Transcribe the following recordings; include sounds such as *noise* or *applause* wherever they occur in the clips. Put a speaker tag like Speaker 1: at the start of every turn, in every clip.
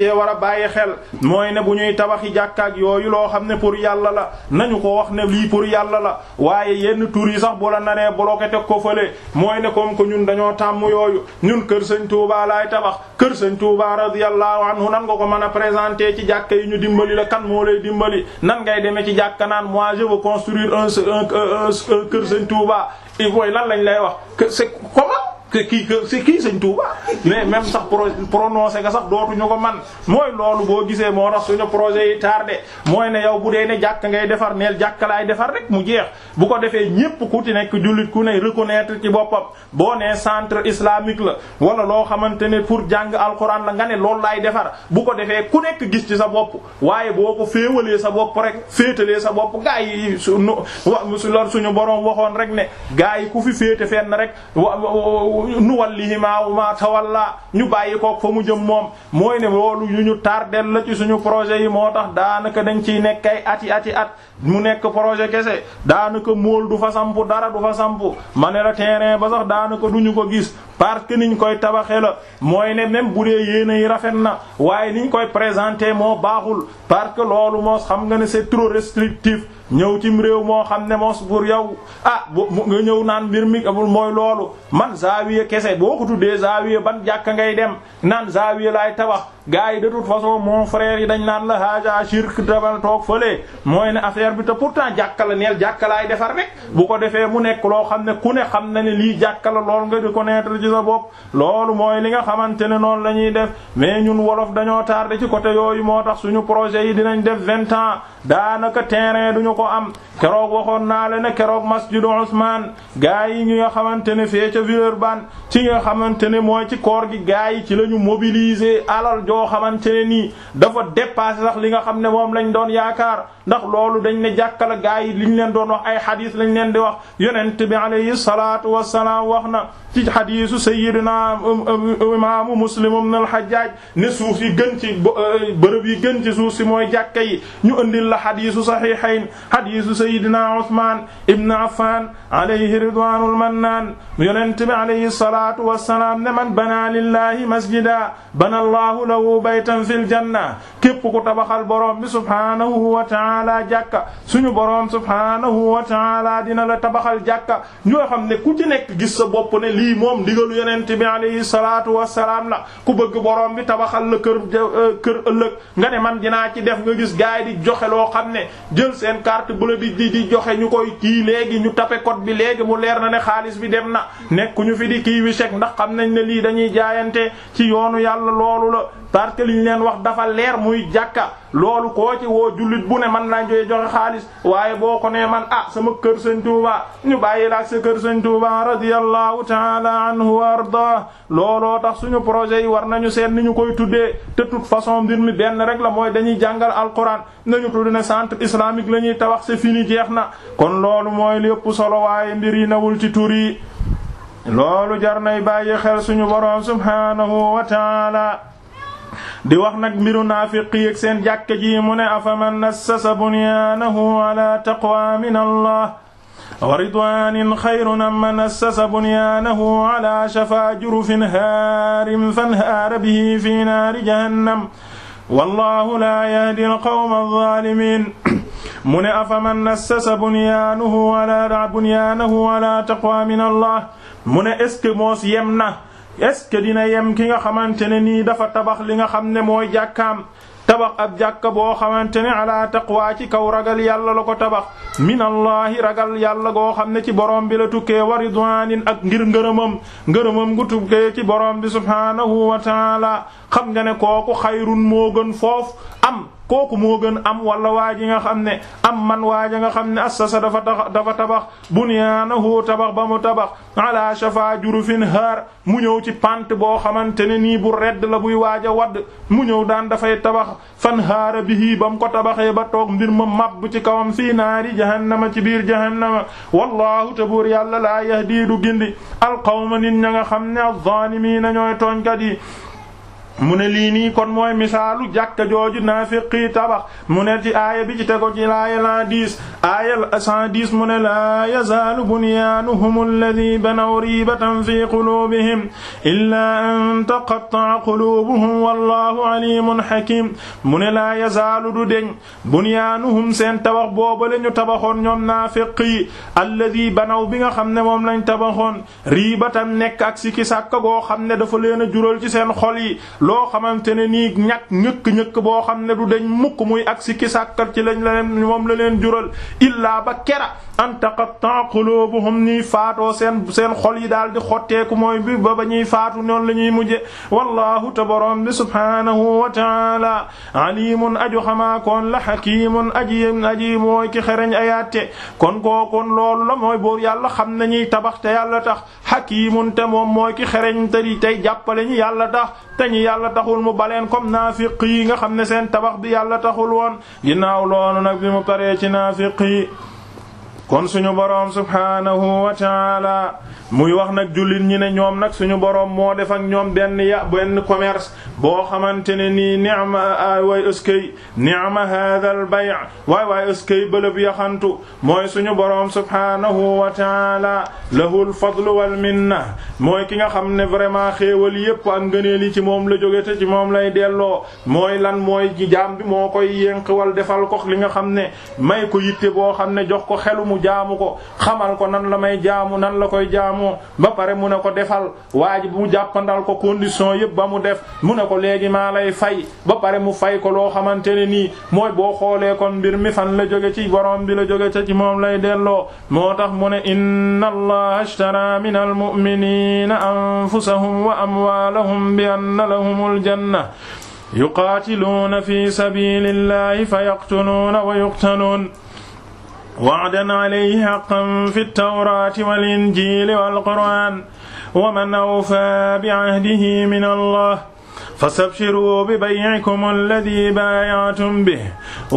Speaker 1: te war a bàyyi xel mooy ne bu ñuy tabaxi jàkkaak yooyu loo xam ne pour yàlla la nañu ko wax ne lii pour yàlla la waaye yenn tur yi sax bu la naree bloqué teg ko fële mooy ne comme ko ñun dañoo tàmm yooyu ñun kër sëñ Touba laay tabax kër sëñ Touba radiyallahu anhu nan nga ko mën a présenter ci jàkka yi ñu dimbali la kan moo lay dimbali nan ngay demee ci jàkka naan moi je veux construire un un kër sëñ Touba il faut lan lañ lay wax comment. que kii que c'est kii Sëriñ Tuuba mais même sax prononcé nga sax dootuñu ko man mooy loolu boo gisee moo tax suñu projet yi tardé mooy ne yow bu dee ne jàkk ngay defar neel jàkkalaay defar rek mu jeex bu ko defee ñépp ku ci nekk jullit ku ne reconnaitre ci boppam boo nee centre islamique la wala loo xamante ne pour jàng alxuraan la nga ne loolu laay defar bu ko defee ku nekk gis ci sa bopp waaye boo ko féewalee sa bopp rek féetalee sa bopp gaa yi suñu suñu boroom waxoon rek ne nuwallihi ma walla ñu bàyyi kook fa mu jëm moom mooy ne loolu yu ñu tardel la ci suñu projet yi moo tax daanaka dañ ciy nekk ay ati ati at mu nekk projet kese daanaka mool du fa sampu dara du fa sampu ma ne la terrain ba sax daanaka duñu ko gis parce que niñ koy tabaxee la mooy ne même bu dee yéen yi rafet na waaye niñ koy présenter moo baaxul parce que loolu moo xam nga ne c'est trop restrictif ñëw cim réew moo xam ne moos pour yow ah nga ñëw naan mbir mi amul mooy loolu man zaawiya kese boo ko tuddee zaawiya ban jàkka ngay dem naan zaawiya laay tabax gars yi de façon mon yi dañ naan la haja shirk dabal toog fële mooy ne affaire bi te pourtant jàkka la neel jàkka laay defar rek bu ko defee mu nekk loo xam ne ku ne xam na ne lii jàkka la lool nga reconnaître ci sa bopp loolu mooy li nga xamante ne noonu la ñuy def mais ñun wolof dañoo tardé ci côté yooyu moo tax suñu projet yi dinañ def vingt ans daanaka terrain duñu ko am keroog waxoon naa la ne keroog masjidu Usmaan gars yi nga xamante ne fee ca Villeurbanne ci nga xamante ne mooy ci koor gi gars yi ci la ñu mobiliser alal loo xamante ne nii dafa dépassé sax li nga xam ne moom lañ doon yaakaar ndax loolu dañ ne jàkkala gaa yi liñ leen doon wax ay xadiis lañ leen di wax yonent bi alayhi salaatu wassalaam wax na ci xadiisu sayyidina um, um, um, imaamu muslim ibn al-Hajjaj ne suuf yi gën ci uh, bërëb yi gën ci suuf si mooy jàkka yi ñu indil la xadiisu saxiixayn xadiisu sayyidina Usmaan ibn Affaan alayhi ridwaanul mannaan yonent bi alayhi salaatu wassalaam ne man banaa lillahi masjida bana allahu lahu baytan fil janna képp ku tabaxal boroom bi subhaanahu wa ta'ala jàkka suñu boroom subhaanahu wa ta'ala dina la tabaxal jàkka ñoo xam ne ku ci nekk gis sa bopp ne lii lii moom ndigalu yeneent bi alayhi salaatu wassalaam la ku bëgg borom bi tabaxal la kër kër ëllëg nga ne man dinaa ci def nga gis gaay di joxe loo xam ne jël seen carte bleue di di di joxe ñu koy kii léegi ñu tapé code bi léegi mu leer na ne xaalis bi dem na nekk ñu fi di kii wi chèque ndax xam nañ ne lii dañuy jaayante ci yoonu yàlla loolu la parce que li ñu leen wax dafa leer muy jàkka loolu koo ci woo jullit bu ne man naa joy joxe xaalis waaye boo ko nee man ah sama kër sëñ Tuuba ñu bàyyi la ak sa kër sëñ Tuuba radiyallahu taala anhu wa arda looloo tax suñu projet yi war nañu seen ni ñu koy tuddee te toute façon mbir mi benn rek la mooy dañuy jàngal alquran nañu tudd ne centre islamique la ñuy tabax c'est fini jeex na kon loolu mooy lépp solo waaye mbir yi nawul ci tur yi loolu jar nay bàyyi xel suñu boroom subhanahu di wax nag mbiru naafiqi ak seen jàkka ji mu ne afaman nassasa bunyaanahu ala taqwa min allah wa ridwanin xayrun amman nassasa bunyaanahu ala shafa jurufin haarin fanhaara bihi fi naari jahannam wallahu la yahdi alqawma alzalimin *clears throat* mu ne afaman nassasa bunyaanahu ala bunyaanahu ala taqwa min allah mu ne est-ce que moos yem na est-ce que dina ki nga xamante ne nii dafa tabax li nga xam ne mooy jàkkaam tabax ab jàkka boo xamante ne ala taqwa ci kaw ragal yàlla la ko tabax minallaahi ragal yàlla goo xam ne ci borom bi la tukkee wa ridwaanin ak ngir ngërëmam ngërëmam gu tukkee ci borom bi subhaanahu wa taala xam nga ne kooku xayrun moo gën foofu am kooku moo gën am wala waa ji nga xam ne am man waa ji nga xam ne assasa dafa tax dafa tabax bunyaanahu tabax ba mu tabax ala shafa jurufin haar mu ñëw ci pant boo xamante ne nii bu redd la buy waaj a wadd mu ñëw daan dafay tabax fan haara bihi ba mu ko tabaxee ba toog mbir ma mab ci kawam fii naari jahannama ci biir jahannama wallahu tabuur yàlla laa yahdi du gindi alqawma nit ña nga xam ne az ñooy tooñkat yi mu ne lii nii kon mooy misaalu jàkka jooju naafiqi tabax mu ne ci aaya bi ci tego ci laaya la dix aaya cent dix mu ne laa yazaalu bunyaanuhum alladhi banaw riibatan fi quluubihim illaa an taqatta'a quluubuhum wallahu alimun hakim mu ne ya yazaalu du deñ bunyaanuhum seen tabax boobale ñu tabaxoon ñoom naafiqi alladhi banaw bi nga xam ne moom lañ tabaxoon riibatan nekk ak sikki sàkka goo xam ne dafa leen a jural ci seen xol yi loo xamante ne nii ñakk ñëkk-ñëkk boo xam ne du dañ mukk muy ak si ki sàkkal ci lañ la leen moom la leen jural illaa ba kera an taqatta qulubuhum ñuy faatoo seen seen xol yi daal di xotteeku mooy bi ba ba ñuy faatu noonu la ñuy mujje wallahu te boroom bi subhanahu wa taala alimun aju xamaakoon la hakimun aji aji mooy ki xereñ ayatte kon kookoon loolu la mooy boobu yàlla xam nañuy tabax te yàlla tax hakimun te moom mooy ki xereñ te tey jàppale ñu yàlla la taxul mu baleen comme naafiq yi nga xam ne seen tabax bi yàlla taxul woon ginnaaw loolu nag bi mu paree ci naafiq yi kon suñu boroom subhaanahu wa taala muy wax nag jullit ñi ne ñoom nag suñu boroom moo def ñoom benn ya benn commerce boo xamante ne nii ni'ma a waay ëskay ni'ma hadha al bay' waay waay ëskay bëlëb yaxantu mooy suñu boroom subhaanahu wa taala lahul fadlu wal minna mooy ki nga xam ne vraiment xéewal yépp ak ngëneel ci moom la jóge te ci moom lay delloo mooy lan mooy jaam bi moo koy yénqwal defal ko li nga xam ne may ko yitte boo xam ne jox ko xelu mu jaamu ko xamal ko nan la may jaamu nan la koy jaamu ba pare mu ne ko defal waa ji mu jàppandal ko condition yëpp ba mu def mu ne ko léegi maa lay fay ba pare mu fay ko loo xamante ne nii mooy boo xoolee kon mbir mi fan la joge ci borom bi la jóge ca ci moom lay delloo moo tax mu ne inna allaha ashtara min almu'minina anfusahum wa amwalahum bi anna lahumul janna yuqaatiluuna fi sabilillahi fa yaqtuluuna wa yuqtaluun wa'dan alayhi haqqan fi tawraati wal injiili wal qur'aan wa man awfaa bi ahdihi min allah fastabshiruu bi bay'ikum alladhi baaya'tum bihi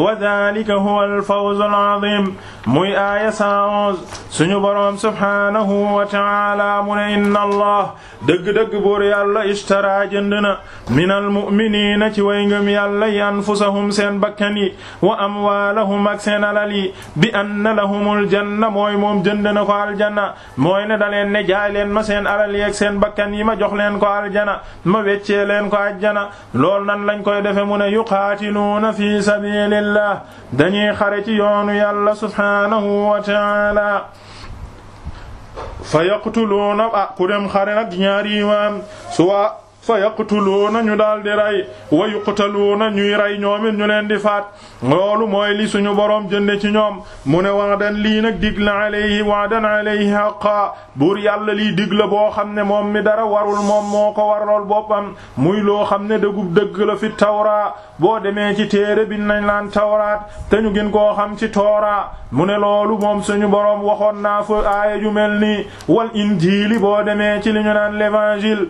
Speaker 1: wa dhaalika huwa al-fawzu al-'aziim muy aaya 111 suñu boroom subhaanahu wa ta'aala mu ne inna allah dëgg-dëgg buur yàlla ishtaraa jënd na minal mu'miniina ci way ngëm yàlla yi anfusahum seen bakkan yi wa amwaalahum ak seen alal yi bi anna lahumul janna mooy moom jënd na ko aljanna mooy ne da leen ne jaay leen ma seen alal yi ak seen bakkan yi ma jox leen ko aljanna ma weccee leen ko àjjana lool nan lañ koy defe mu ne yuqaatiluuna fi sabilillah dañuy xare ci yoonu yàlla subhaanahu wa ta'ala fa yaqtuluuna ah ku dem xare nag ñaari imaam suwa fa yaqtuluuna ñu daal di rey wa yuqtaluuna ñuy rey ñoomit ñu leen di fat loolu mooy li suñu boroom jënde ci ñoom mu ne waadan lii nag digla la alayhi waadan alayhi haqa buur yàlla lii digla boo xam ne moom mi dara warul moom moo ko war warlool boppam muy loo xam ne dëggub dëgg la fi tawra boo demee ci téere bi nañ laan tawraat te ñu gën koo xam ci toora mu ne loolu moom suñu borom waxoon naa fa aaya ju mel nii wal injiili boo demee ci li ñu naan l'évangile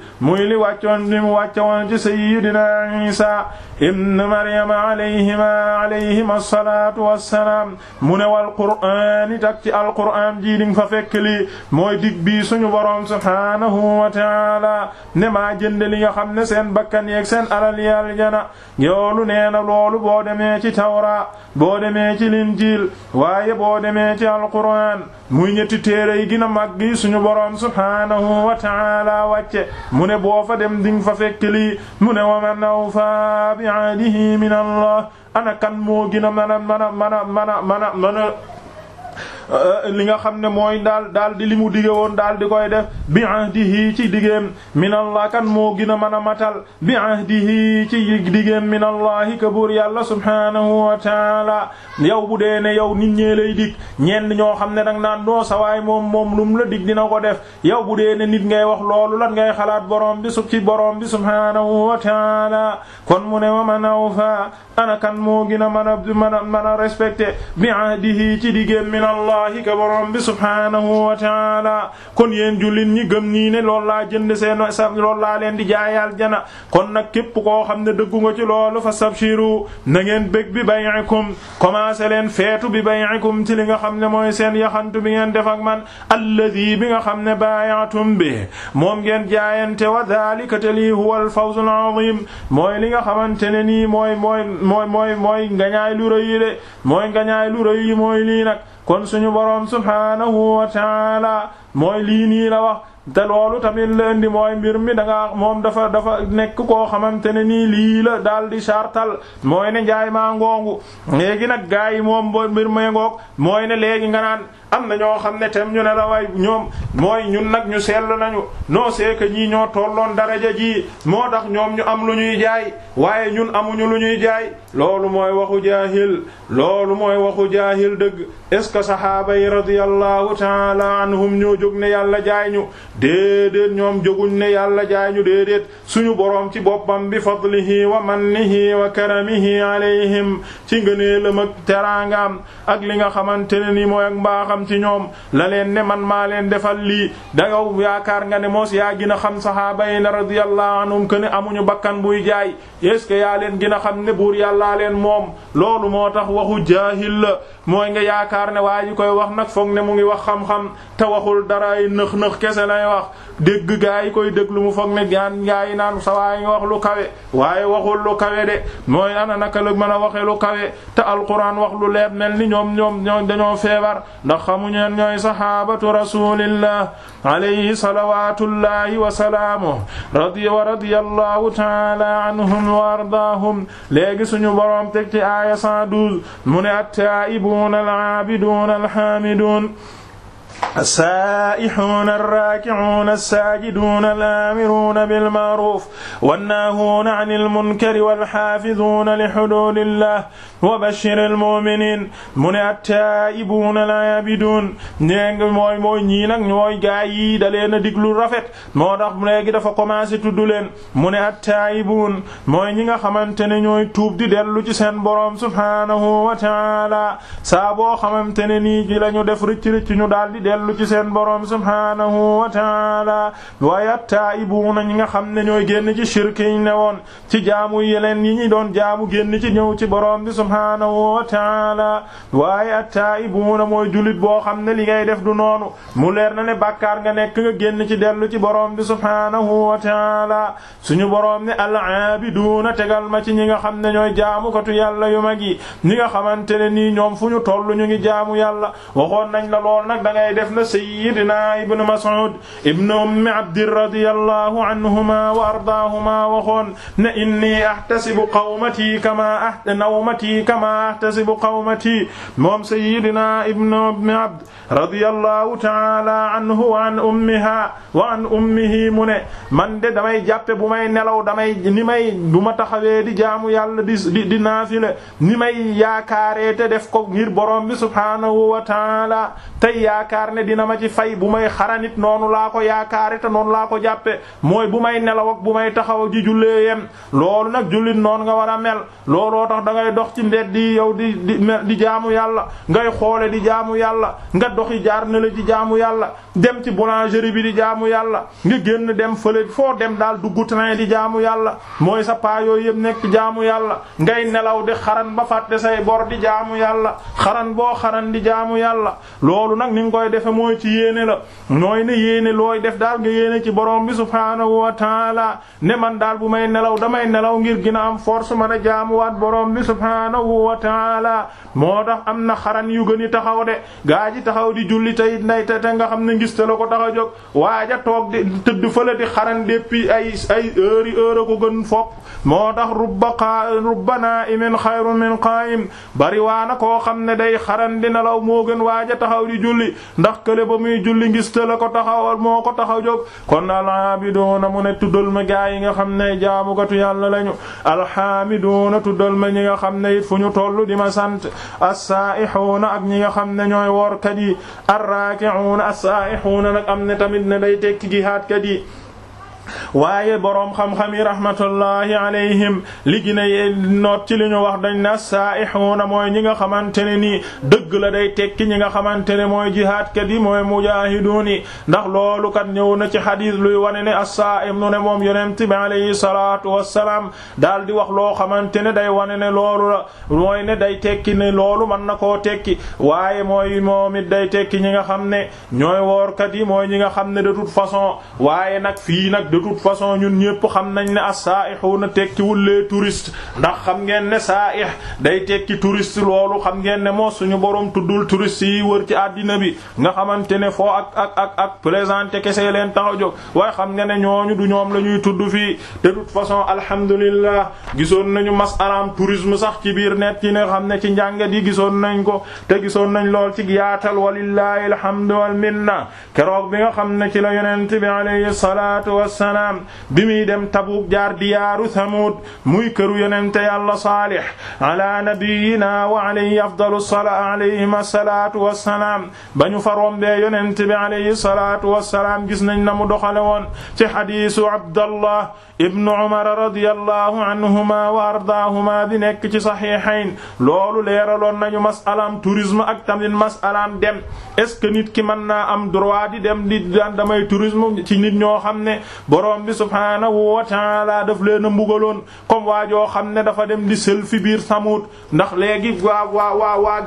Speaker 1: salaam bi mu wàcce woon ci sayyidina Isa ibn Maryam alayhima alayhima salaatu wassalaam mu ne wal qur'aan tak ci alqur'aan ji ding fa fekk li mooy dig bi suñu boroom subhaanahu wa ta'aala ne maa jënd li nga xam ne seen bakkan yeeg seen alal yaljana yoolu nee na loolu boo demee ci tawra boo demee ci linjiil waaye boo demee ci alqur'aan muy ñetti téere yi gën a mag gi suñu boroom subhaanahu wa ta'aala wàcce mu ne boo fa dem di nga fa fekk lii mu ne wa man awfaa bi ahdihi min allah ana kan moo gën a mën a mën a mën a mën a mën a Euh, li nga xam ne mooy daal daal di li mu dige woon daal di koy def bi ahdihi ci digéem minallah kan moo gën a mën a matal bi di ahdihi ci digéem minallahi ka buur yàlla subhanahu wa taala yaw bu dee ne yow nit ñee lay dig ñenn ñoo xam ne dang naan doo sawaay moom moom lu la dig dina ko def yow bu dee ne nit ngay wax loolu lan ngay xalaat borom bi su ci borom bi subhanahu wa taala kon mu ne wa man awfa ana kan moo gën a mën a mën a mën a respecté bi ahdihi ci allahi ka borom bi subhaanahu wa taala kon yéen jullit ñi gëm nii ne loolu laa jënd seen sa laa leen di jaayaal jana kon nag képp koo xam ne dëggu nga ci loolu fa stabshiru na ngeen bég bi bay'ikum commencé leen feetu bi bay'ikum ci li nga xam ne mooy seen yaxantu bi ngeen def ak man alladi bi nga xam ne baayaatum bi moom ngeen jaayante wa dhalika li huwa al mooy li nga xamante ne nii mooy mooy mooy mooy mooy ngañaay lu rëy de mooy ngañaay lu rëy mooy lii nag kon suñu boroom subhaanahu wa taala mooy lii nii la wax te loolu tamit leen di mooy mbir mi da moom dafa dafa nekk koo xamante ne nii lii la daal di sartal mooy ne njaay maa ngoongu léegi nag gars yi moom boo mbir mee ngoog mooy ne léegi nganaan am na ñoo xam ne tam ñu ne la way ñoom mooy ñun nag ñu seetlu nañu non c'est que ñii ñoo tolloon daraja ji moo tax ñoom ñu am lu ñuy jaay waaye ñun amuñu lu ñuy jaay loolu mooy waxu jaahil loolu mooy waxu jaahil dëgg est ce que sahaaba yi radiyallahu taala anhum ñoo jóg ne yàlla jaay ñu déedéet ñoom jóguñ ne yàlla jaay ñu déedéet suñu boroom ci boppam bi fadlihi wa mannihi wa karamihi alayhim ci ngëneelam ak teraangaam ak li nga xamante ne ni mooy ak mbaaxam ci ñoom la leen ne man maa leen defal lii dangaw yaakaar nga ne moos yaa gën a xam sahaaba yi ne radiyallahu anhum que ne amuñu bakkan buy jaay est ce que yaa leen gën a xam ne buur yàlla yàllaa leen moom loolu moo tax waxu jaahil la mooy nga yaakaar ne waa ji koy wax nag foog ne mu ngi wax xam-xam te waxul dara ay nëx-nëx kese lay wax dégg gaa yi koy déglu mu foog ne gaan gaa yi naan sa waaye nga wax lu kawe waaye waxul lu kawe de mooy ana naka la mën a waxe lu kawe te alquran wax lu leer mel ni ñoom ñoom ñoom dañoo feebar ndax xamuñeen ñooy sahabatu rasulillah alayhi salawatullahi wa salaamuhu radiya wa radiyallahu ta'ala anhum wa ardaahum léegi suñu boroom teg aaya mu ne at-taa'ib ash-shaakiruuna al-'aabiduuna al-haamiduuna assaa'ixuuna arraakicuuna assaajiduuna alaamiruuna bilma'ruuf wannaahuuna anil munkari walxaafiduuna lixuduudillah wa bashiril mu'miniin mu ne attaa'ibuuna al'aabiduun ñeeng mooy mooy ñii nag ñooy gaa yi da leen a diglu rafet moo tax léegi dafa commencé tudd leen mu ne attaa'ibuun mooy ñi nga xamante ne ñooy tuub di dellu ci seen boroom subhaanahu wa ta'aala saa boo xamante ne nii ji la ñu def rëcc rëcc ñu daldi dellu ci seen boroom subhaanahu wa taala waaye taa'ibuuna ñi nga xam ne ñooy génn ci shirk yi ne woon ci jaamu yeleen yi ñi doon jaamu génn ci ñëw ci boroom bi subhaanahu wa taala waaye at-taa'ibuuna mooy julit boo xam ne li ngay def du noonu mu leer na ne bàkkaar nga nekk nga génn ci dellu ci boroom bi subhaanahu wa taala suñu boroom ne al-aabiduuna tegal ma ci ñi nga xam ne ñooy jaamukatu yàlla yu mag yi ñi nga xamante ne nii ñoom fu ñu tollu ñu ngi jaamu yàlla waxoon nañ la lool nag da ngay def na sayyidina ibnu mas'ud ibnu ummi abdi radiyallahu anhuma wa ardaahuma waxoon ne inni ahtasibu qawmati kama nawmati kama ahtasibu qawmati moom sayyidina ibnu ummi abd radiyallahu ta'ala anhu wa an ummiha wa an ummihi mu ne man de damay jàppe bu may nelaw damay ni may bu ma taxawee di jaamu yàlla di di di naafile ni may yaakaaree te def ko ngir borom bi subhaanahu wa ta'ala tey yaakaar yaakaar ne dina ma ci fay bu may xaranit noonu laa ko yaakaare te noonu laa ko jàppe mooy bu may nelaw ak bu may taxaw ji jullee yem loolu nag jullit noonu nga war a mel looloo tax da ngay dox ci mbedd di yow di di di jaamu yàlla ngay xoole di jaamu yàlla nga doxi jaar na la jaamu yàlla dem ci boulangerie bi di jaamu yàlla nga génn dem fële foo dem daal dugg train di jaamu yàlla mooy sa paa yooyu yëpp nekk jaamu yàlla ngay nelaw di xaran ba fàtte say bor di jaamu boo di jaamu yàlla loolu nag ni defe mooy ci yéene la nooy ne yéene looy def daal nga yéene ci borom bi subhaanahu wa taala ne man daal bu may nelaw damay nelaw ngir gën a am force mën a jaamuwaat borom bi subhaanahu wa taala moo tax am na xaran yu gën i taxaw de gaa ji taxaw di julli tey nay te nga xam ne ngis te la ko tax a jóg waaja toog di tëdd fële di xaran depuis ay ay heure yi heure ko gën fopp moo tax rubba rubba naa'imin xayrun min qaa'im bari waana koo xam ne day xaran di nelaw moo gën waaja taxaw di julli ndax kële ba muy julli ngis la ko taxawal moo ko taxaw jóg kon alaabiduuna mu ne tuddal ma gaa yi nga xam ne jaamukatu yàlla lañu alxaamiduuna tuddal ma ñi nga xam ne it fu ñu tollu di ma sant assaa'ihuuna ak ñi nga xam ne ñooy woorkat yi arraaki'uuna assaa'ihuuna nag am ne tamit ne day tekki jihaadkat yi waaye boroom xam-xam yi rahmatullahi alayhim li gina yee noot ci li ñu wax dañ na saa'ixuuna mooy ñi nga xamante ne nii dëgg la day tekki ñi nga xamante ne mooy jihaadkat yi mooy mujaahiduun yi ndax loolu kat ñëw na ci xadiis luy wane ne assaa saaim nu ne moom yonent bi alayhi salaatu wassalaam daal di wax loo xamante ne day wane ne loolu la mooy ne day tekki ne loolu man na ko tekki waaye mooy moom day tekki ñi nga xam ne ñooy woorkat yi mooy ñi nga xam ne de façon waaye nag de toute façon ñun ñépp xam nañ ne as-saa'ixuuna tekkiwul les touristes ndax xam ngeen ne saa'ix day tekki touriste loolu xam ngeen ne moo suñu borom tuddul touriste yi wër ci àddina bi nga xamante ne foo ak ak ak présenté kese leen tax a jóg waaye xam nga ne ñooñu du ñoom la ñuy tudd fii de toute façon alhamdulillah gisoon nañu masalaam tourisme sax ci biir net yi nga xam ne ci njàngat yi gisoon nañ ko te gisoon nañ lool ci yaatal walillahi alhamdu wal minna wassalaam bi muy dem Tabuuk jaar diyaaru Samuud muy këru yonente yàlla Saalih ala nabiyyina wa alayhi afdalu salaa alayhim asalaatu wassalaam ba ñu fa rombee yonente bi alayhi salaatu wassalaam gis nañ na mu doxale woon ci hadiisu Abdallah ibn Umar radiyallahu anhuma wa ardaahuma bi nekk ci sahihayn loolu leeraloon nañu mas'alaam tourisme ak tamit mas'alaam dem est-ce que nit ki mën naa am droit di dem di daan damay tourisme ci nit ñoo xam ne borom bi subhaanahu wa taala daf leen a mbugaloon comme waa joo xam ne dafa dem di sël fi biir Samuud ndax léegi waa waa waa waa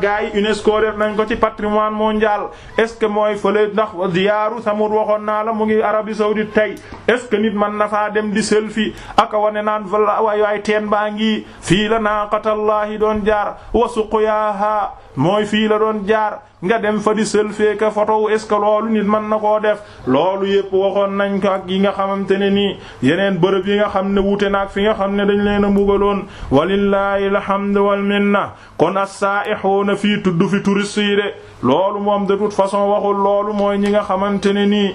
Speaker 1: UNESCO def nañ ko ci patrimoine mondial est-ce que mooy fële ndax ziyaaru Samuud waxoon naa la mu ngi Arabie saoudite tey est-ce que nit mën na faa dem di sël fi ak wane naan waay waay teen baa ngi fii la naaqatallaahi doon jaar wa suqyaaha mooy fii la doon jaar nga dem fa di selfie ka photo est ce que loolu nit mën na koo def loolu yépp waxoon nañ ko ak yi nga xamante ne nii yeneen bërëb yi nga xam ne wuute naag fi nga xam ne dañ leen a la xam alhamdu wal minna kon as-saa'ixuuna fii tudd fi touriste yi de loolu moom de toute façon waxul loolu mooy ñi nga xamante ne nii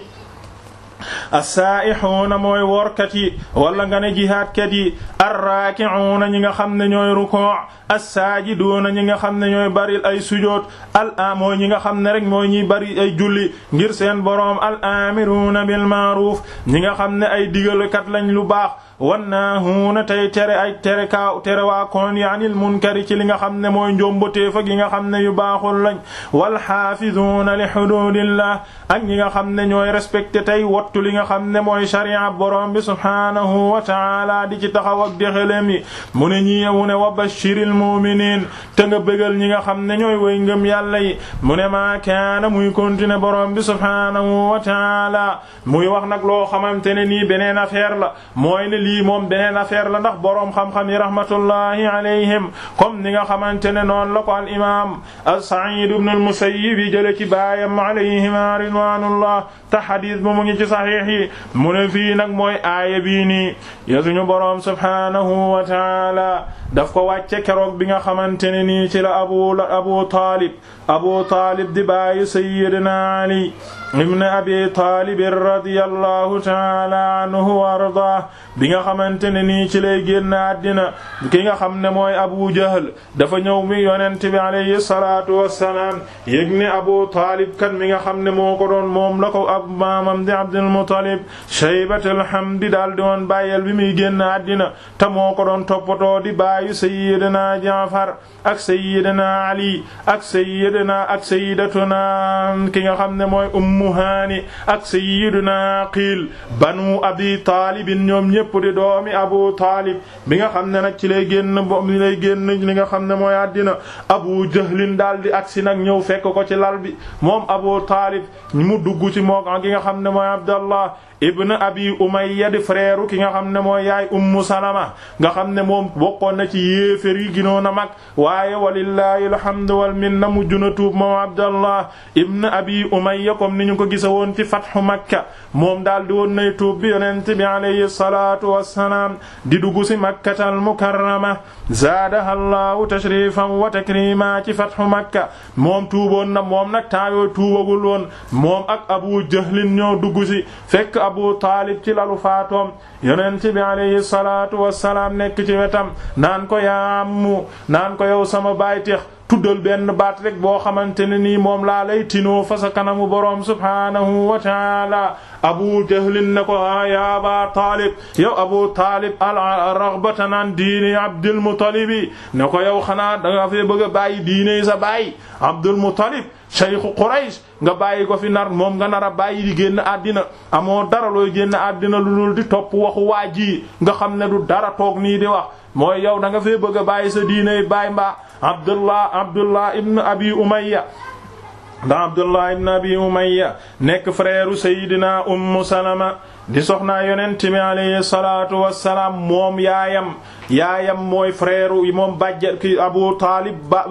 Speaker 1: assaa'ihuuna mooy workat yi wala nga ne jihaadkat yi arraaki'uuna ñi nga xam ne ñooy rukuu assaajiduuna ñi nga xam ne ñooy bari ay sujoot al mooy ñi nga xam ne rek mooy ñiy bari ay julli ngir seen boroom al aamiruuna bil ma'ruuf ñi nga xam ne ay digalkat lañ lu baax wannaahuuna tey tere ay tere kaa tere waa kon yaanil munkari ci li nga xam ne mooy njombatee fa gi nga xam ne yu baaxul lañ walxaafizuuna li xuduudillah ak ñi nga xam ne ñooy respecté tey wattu li nga xam ne mooy sharia borom bi subhaanahu wa taala di ci taxaw ak dexaleem yi mu ne ñiyewu ne wa bashiril mu'miniin te nga bëggal ñi nga xam ne ñooy way ngëm yàlla yi mu ne maa kaana muy continuer borom bi subhaanahu wa taala muy wax nag loo xamante ne nii beneen affaire la lii moom beneen affaire la ndax boroom xam-xam yi rahmatullahi alayhim comme ni nga xamante ne noonu la ko al imaam as-Sa'id ibn al-Musayyib jële ci baayam alayhima ridwaanullah te xadis ba mu ngi ci saxiix yi mu ne fii mooy aaya bii nii ya suñu boroom subhaanahu wa taala daf ko wàcce keroog bi nga xamante ne nii ci la abu abu taalib abu taalib di baayu sayyidina ali ibn abi taalib radiyallahu taala anhu wa ardaah bi nga xamante ne nii ci lay génn àddina ki nga xam ne mooy abu jahl dafa ñëw mi yonent bi alayhi salaam salaatu wassalaam yëg ne Abu Taalib kat mi nga xam ne moo ko doon moom la ko ab maamam di Abdul Muttalib Shaybatul Hamdi daal di woon bàyyel bi muy génn àddina te moo ko doon toppatoo di baayu Sayyidina Jaafar ak Sayyidina Ali ak Sayyidina ak Sayyidatuna ki nga xam ne mooy Ummu Haani ak Sayyidina Qiil banu Abi Taalib ñoom ñépp di doomi Abu Taalib bi nga xam ne nag ci lay génn bo lay génn li nga xam ne mooy àddina Abu Jahlin daal di agsi nag ñëw fekk ko ci lal bi moom Abu Taalib mu dugg ci mook gi nga xam ne mooy Abdallah ibn abi umayya di frère ki nga xam ne mooy yaay ummu salama nga xam ne moom bokkoon na ci yéefér yi ginoon a mag waaye walillahi alhamdu wal minna mujj na tuub moom abdallah ibn abi umayya comme ni ñu ko gisa woon ci fathu makka moom daal di woon nay tuub bi yonent alayhi salaatu wassalaam di dugg si makkatal mukarrama zaadaha allahu tashrifan wa takrima ci fathu makka moom tuuboon na moom nag taayoo tuubagul woon moom ak abu jahlin ñoo dugg si fekk abu taalib ci lalu faatoom yonent bi alayhi salaatu wassalaam nekk ci wetam naan ko yaa mu naan ko yow sama baytix tuddal benn baat rek boo xamante ne nii moom laa lay tinoo fa kanamu boroom subhaanahu wa taala abu jahlin ne ko a ah, ya aba taalib yow abu taalib al raghbatan an diini abdul muttalib ne ko yow xanaa danga fee bëgg a bàyyi diine sa bàyyi abdul muttalib shaykhu quraysh nga bàyyi ko fi nar moom nga nar a bàyyi di génn àddina amoo dara looy génn àddina lu dul waxu waa ji nga xam ne du dara toog nii di wax mooy yow da nga fee bëgg a bàyyi sa diine bàyyi mbaa Abdullah Abdullah ibn Abi Umayya da Abdullah ibn Abi Umayya nekk frère Seydina Ummu Salama di soxnaa yonent bi alayhi salaatu wassalaam moom yaayam yaayam mooy frère moom bàjja Abu Taalib ba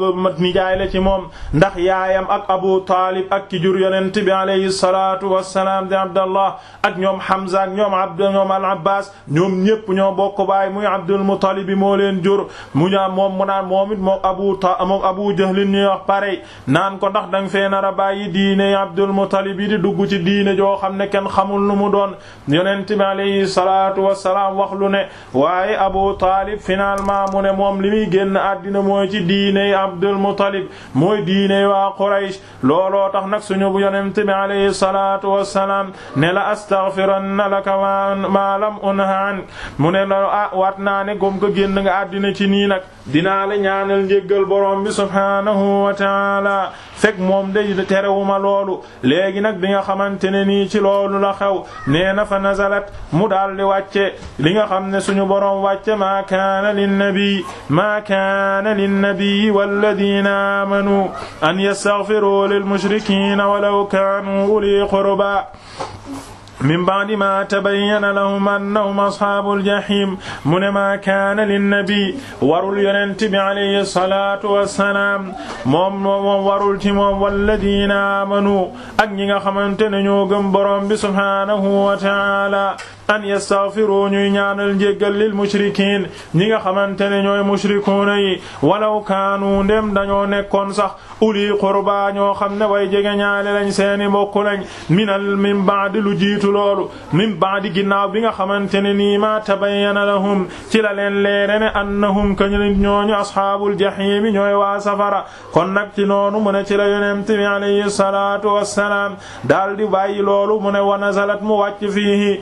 Speaker 1: nijaay la ci moom ndax yaayam ak Abu Taalib ak ki jur yonent bi alayhi salaatu wassalaam di Abdallah ak ñoom Hamza ak ñoom Abd ñoom Al Abbas ñoom ñépp ñoo bokk baay muy Abdul Muttalib bi moo leen jur mu ñaa moom mu naan moom moom Abu Ta moom Jahlin ñuy wax parey naan ko ndax danga fee nar a bàyyi diine Abdul Muttalib yi di dugg ci diine joo xam ne kenn xamul nu mu doon yonent bi alayhi salaatu wassalaam wax lu ne waaye Abu Taalib finalement mu ne moom li muy génn àddina mooy ci diiney Abdul Muttalib mooy diiney waa Quraysh looloo tax nag suñu bu yonent bi alayhi salaatu wassalaam ne la astaghfiranna laka ma lam unha an mu ne la ah waat naa ne gom ko génn nga àddina ci nii nag dinaa la ñaanal njéggal borom bi subhaanahu wa taala fekk moom day terewuma loolu léegi nag bi nga xamante ne nii ci loolu la xew nee fa nazalat mu daal di wàcce li nga xam ne suñu borom wàcce maa kaana linnabii maa kaana linnabii walladina aamanu an yastaghfiru lil mushrikiina walaw kaanu uli qurba min ba'di ma tabayyana lahum annahum ashaabul jahim mu ne maa kaana linnabi warul yonent bi alayhi salaatu wassalaam moom moom warul ci moom walladiina aamanu ak ñi nga xamante ne ñoo gëm borom bi subhaanahu wa ta'aala an yastaghfiru ñuy ñaanal njéggal lil mushrikiin ñi nga xamante ne ñooy mushrikuuna yi walaw kaanu ndem dañoo nekkoon sax uli qurba ñoo xam ne way jege ñaale lañ seeni mbokk lañ minal min baadi lu jiitu loolu min baadi ginnaaw bi nga xamante ne nii ma tabayyana lahum ci la leen leere ne annahum kañu ñooñu ashaabul jahiimi ñooy waa safara kon nag ci noonu mu ne ci la yonent bi alayhi salaatu wassalaam daal di bàyyi loolu mu ne wa nazalat mu wàcc fiihi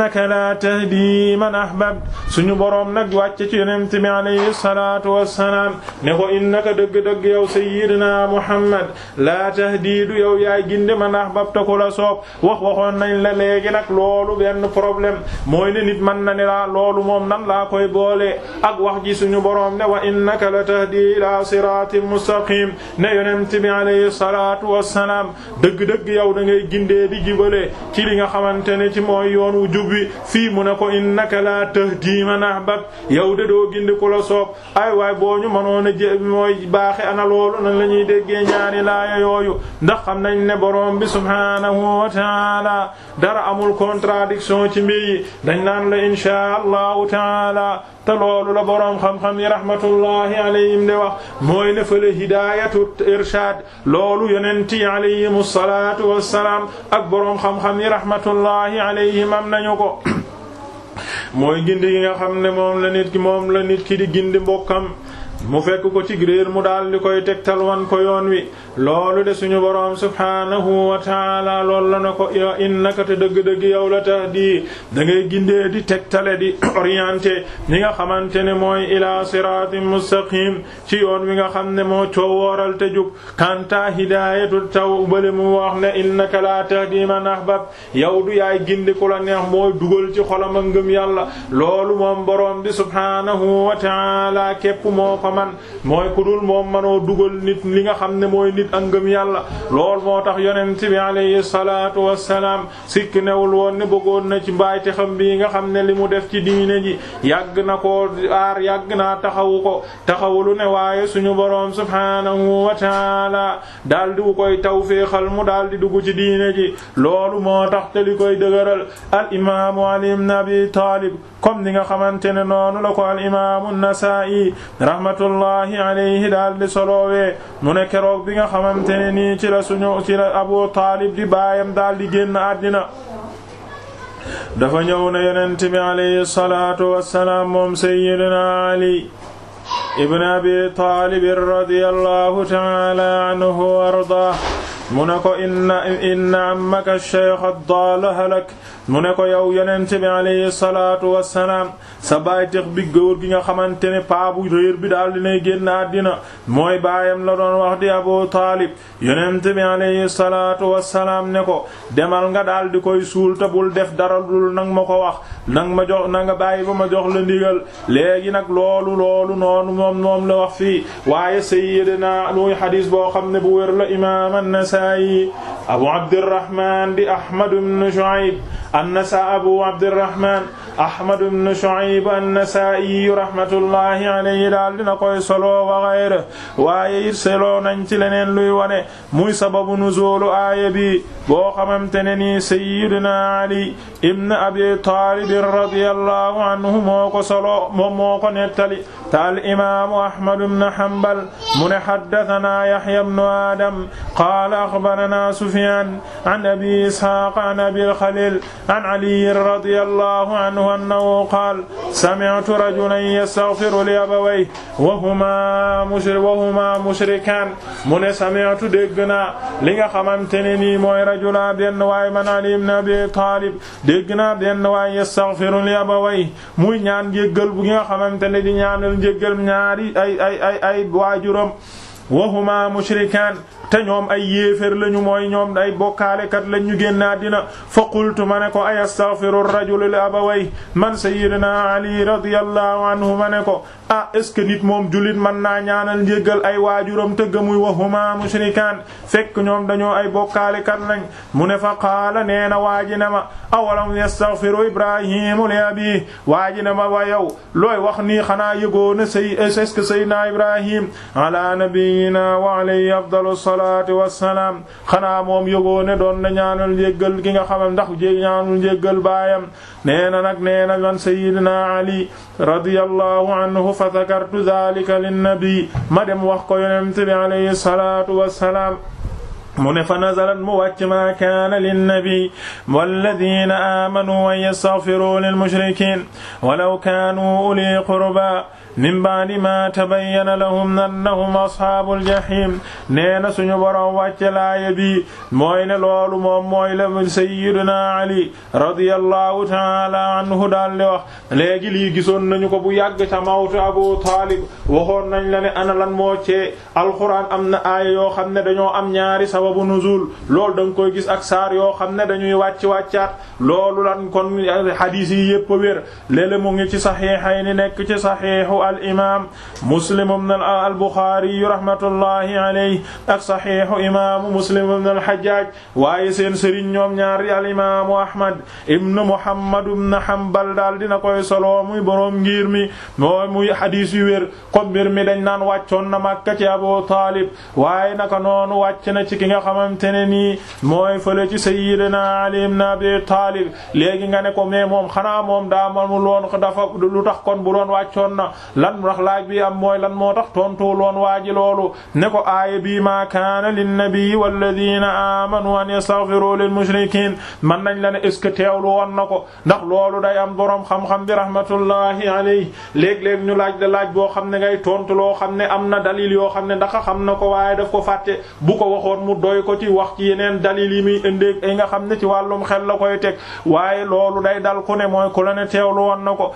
Speaker 1: innaka laa tahdi man ahbab suñu boroom nag wàcce ci yonent bi alayhi salaatu wassalaam ne ko innaka dëgg-dëgg yow sayyidina Muhammad laa tahdi du yow yaay ginde man ahbabta ko la soob wax waxoon nañ la léegi nag loolu benn problème mooy ne nit man na ne laa loolu moom nan la koy boole ak wax ji suñu boroom ne wa innaka la tahdi ila siraatin mustaqim ne yonent bi alayhi salaatu wassalaam dëgg-dëgg yow da ngay gindee jibale ci li nga xamante ci mooy yoon wu bi fii mu ne ko innaka laa tahdi man ahbabt yow de doo gindi ku la soob ay waay boo ñu mënoon a jé mooy baaxe ana loolu na la ñuy déggee ñaari laaya yooyu ndax xam nañ ne borom bi subhaanahu wa ta'ala dara amul contradiction ci mbir dañ naan la inshaa allahu taala te loolu la boroom xam-xam yi rahmatullahi alayhim de wax mooy nefale hidayatu irshad loolu yonent yi alayhimu salaatu wassalaam ak boroom xam-xam yi rahmatullahi alayhim am nañu ko mooy gindi yi nga xam ne moom la nit ki moom la nit ki di gindi mbokkam mu fekk ko ci mu daal di koy tegtal wan ko yoon wi loolu de suñu boroom subhaanahu wa taala loolu la na ko innaka te dëgg-dëgg yow la tahdi da ngay gindee di tegtale di *clears throat* orienté ñi nga xamante ne mooy ilaa siraatin mustaqim ci yoon wi nga xam ne moo coowooral te jug kanta hidaayatu taw bale mu wax ne innaka laa tahdi man ahbab yow du yaay gindi ku la neex mooy dugal ci xolam ak ngëm yàlla loolu moom boroom bi subhaanahu wa taala képp moo ko man mooy ku moom manoo dugal nit li nga xam ne mooy nit nit ak ngëm yàlla lool moo tax yonent bi alayhi salaatu wassalaam sikki newul woon ne bëggoon na ci mbayti xam bii nga xam ne li mu def ci diine ji yàgg na ko aar yàgg naa taxawu ko taxawulu ne waaye suñu boroom subhaanahu wa taala daal di koy tawféexal mu daal di dugg ci diine ji loolu moo tax te li koy dëgëral al imaamu Ali ibn Taalib comme ni nga xamante ne noonu la ko al imaamu Nasaa'i rahmatullahi alayhi daal di solowee mu ne keroog bi nga xamante ne nii ci la suñu ci la Abu Taalib di baayam daal di génn àddina dafa ñëw na yonent bi alayhi salaatu wassalaam moom sayyidina Ali ibn Abi Taalib radiyallahu ta'ala anhu wa ardaa mu ne ko inna inna ammaka ash-shaykh ad-daal halak mu ne ko yow yonent bi alayhi salaatu wassalaam sa baay tex bi góor nga xamante ne paabu réer bi daal dinay génn àddina mooy baayam la doon wax di Abu Taalib yonent bi wassalaam ne ko demal nga daal di koy suul te bul def dara dul nang ma ko wax nang ma jox bàyyi ba ma jox la ndigal léegi nag loolu loolu noonu moom la wax fii waaye sayyidina luy xadiis boo xam ne bu wér la imaam an-Nasaa'i Abu Abdirrahmaan di Ahmad ibn Shu'ayb annasa abu abdirahman ahmad ibn shu'ayb annasaa'i rahmatullahi alayhi daal dina koy soloo wa ghayra waaye it soloo nañ ci leneen luy wane muy sababu nuzuulu aaya bi boo xamante ne nii sayyidina ali ibn abi taalib radiyallahu anhu moo ko soloo moom moo ko te alimaamu ahmadu bnu hanbal mu ne haddatanaa yahya bnu adam qaala axbaranaa sufyaan an abi ishaaq an abil xaliil an aliyin radiyallahu anhu annahu qaala sami'tu rajulan yastaghfiru li abawayhi wa humaa mushri wa humaa mushrikaan mu ne sami'tu dégg naa li nga xamante ne nii mooy rajulan benn waay man ali ibn abi taalib dégg naa benn waay yastaghfiru li abawayhi muy ñaan jéggal bu nga xamante ne di ñaanal njéggal ñaari ay ay ay ay waajuram wa huma mushrikaan te ñoom ay yéefér lañu mooy ñoom ay bokkaalekat lañ ñu génn àddina fa qultu ma ne ko ay astaghfiru rajulu li abaway man sayyidina ali radiyallahu anhu ma ne ko ah est ce que nit moom jullit man naa ñaanal njéggal ay waajuram te gëmuy wa huma mushrikaan fekk ñoom dañoo ay bokkaalekat lañ mu ne fa qaala nee na waaji ne ma awalam yastaghfiru ibrahimu li abi waaji ne ma wa yow looy wax nii xanaa yëgoona say est ce que sayyidina ibrahim ala wa alayhi salaatu wassalaam xanaa moom yëgoo ne doon na ñaanal njéggal ki nga xamam ndax jég ñaanul njéggal baayam nee na nag nee na man sayyidina ali radiyallahu anhu fa dhakartu dhalika linnabi ma dem wax ko yonent bi alayhi salaatu wassalaam mu ne fa nazalat mu wàcc maa kaana linnabi walladina aamanu an yastaghfiru lilmushrikin walaw kaanu uli qurba min ba'di ma tabayyana lahum annahum ashaabul jahim nee na suñu boroom wàcce laaya bi mooy ne loolu moom mooy la sayyiduna Ali radiyallahu ta'ala anhu daal di wax léegi lii gisoon nañu ko bu yàgg ca mawtu Abu Taalib waxoon nañ la ne ana lan moo cee am na aaya yoo xam ne dañoo am ñaari sababu nuzul loolu da nga koy gis ak saar yoo xam ne dañuy wàcc wàccaat loolu lan kon xadiis yi yépp wér léeg-léeg mu ci saxiixayni nekk ci saxiixu al imaam muslim ibn al buxaari rahmatullahi alayhi ak saxiixu imaamu muslim ibn al hajjaaj waaye seen sëriñ ñoom ñaari al imaamu ahmad ibn muhammad ibn hanbal daal na koy solo muy boroom ngir mi mooy mu xadiis yu wér ko mbir mi dañ naan wàccoon na Makka ci Abu Taalib waaye naka noonu wàcc na ci ki nga xamante ne nii mooy fële ci sayyidina Ali ibn Abi Taalib léegi nga ne ko mais moom xanaa moom daa mënul dafa lu tax bu doon wàccoon lan wax laaj bi am mooy lan moo tax tontuwul woon waa ji loolu ne ko aaya bii ma kaana linnabii walladina aamanu an yastaghfiru lil mushrikiin man nañ la ne est-ce que woon na ko ndax loolu day am boroom xam-xam bi rahmatullahi alayhi léeg-léeg ñu laaj da laaj boo xam ne ngay tontu loo xam ne am na dalil yoo xam ne ndax xam na ko waaye daf ko fàtte bu ko waxoon mu doy ko ci wax ci yeneen dalil yi muy indee ay nga xam ne ci wàllum xel la koy teg waaye loolu day dal ku ne mooy ku la ne teewlu woon na ko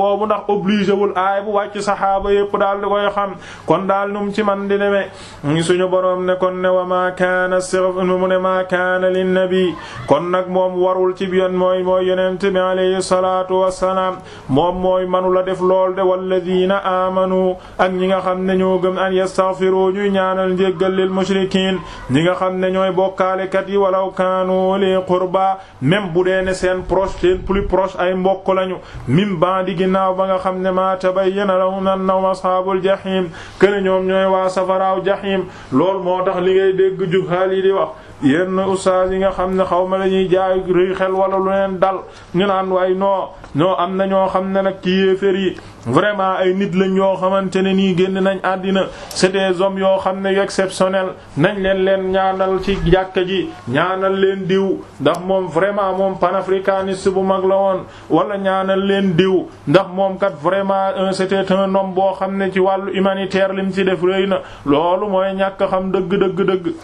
Speaker 1: boobu ndax ndax obligé wul aay bu wàcc saxaaba yépp daal di koy xam kon daal num ci man di demee ngi suñu boroom ne kon ne wa maa kaana astaghfar mu ne maa kaana linnabi kon nag moom warul ci biyoon mooy mooy yonent bi alayhi salaatu wassalaam moom mooy manu la def lool de walladina amanu ak ñi nga xam ne ñoo gëm an yastaghfiru ñuy ñaanal njéggal lil mushrikiin ñi nga xam ne ñooy bokkaalekat yi walaw kaanu li qurba même bu dee ne seen proche seen plus proche ay mbokk lañu mim bandi ginnaaw ba nga xam ne maa tabayyana lahum annahum ashaabul jahim kene ñoom ñooy waa safaraaw jahim loolu moo tax li ngay dégg juhaal yi di wax yenn ustaas yi nga xam ne xaw ma la ñuy jaay rëy xel wala lu leen dal ñu naan waay noo ñoo am na ñoo xam ne nag ci vraiment ay nit lañ yoo xamante ne nii génn nañ àddina c'est des hommes yoo xam ne yu exceptionnels nañ leen leen ñaanal ci jàkka ji ñaanal leen diw ndax moom vraiment moom panafricaniste bu mag la woon wala ñaanal leen diw ndax moomkat vraiment un euh, c'était un homme boo xam ne ci wàllu humanitaire lim ci def rëy na loolu mooy ñàkk xam dëgg dëgg dëgg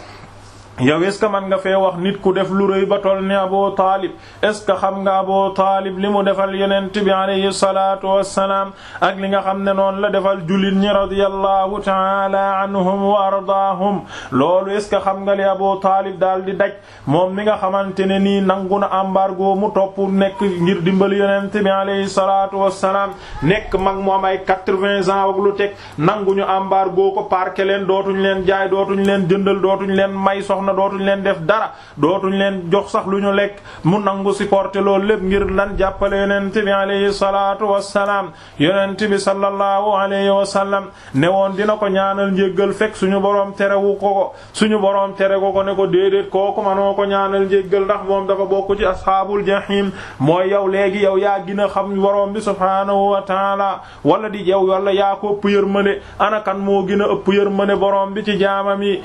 Speaker 1: yow est man nga fee wax nit ku def lu rëy ba toll ni Abu Taalib est-ce que xam nga Abu Taalib li mu defal yeneen bi alayhi salaatu wassalaam ak li nga xam ne noonu la defal jullit ñi radiyallahu taala anhum wa ardaahum loolu est-ce que xam nga li Abu Taalib daal di daj moom mi nga xamante ne nii nangu na embargo mu topp nekk ngir dimbali yeneen bi alayhi salaatu wassalaam nekk mag mu am ay quatre-vingts ans ak lu teg nanguñu embargo ko parke leen dootuñ leen jaay leen jëndal dootuñ leen may soxna na dootuñ leen def dara dootuñ leen jox sax lu ñu lekk mu nangu supporter loolu lépp ngir lan jàppale yonent bi alayhi salaatu wassalaam yonent bi sallallahu alayhi wasallam ne woon dina ko ñaanal njéggal fekk suñu boroom terewu ko ko suñu boroom tere ko ko ne ko déedéet kooku manoo ko ñaanal njéggal ndax moom dafa bokk ci ashaabul jahim mooy yow léegi yow yaa gën a xam boroom bi subhaanahu wa taala wala di yow wala yaa ko ëpp yërmande ana moo gën a ëpp yërmande boroom bi ci jaamam yi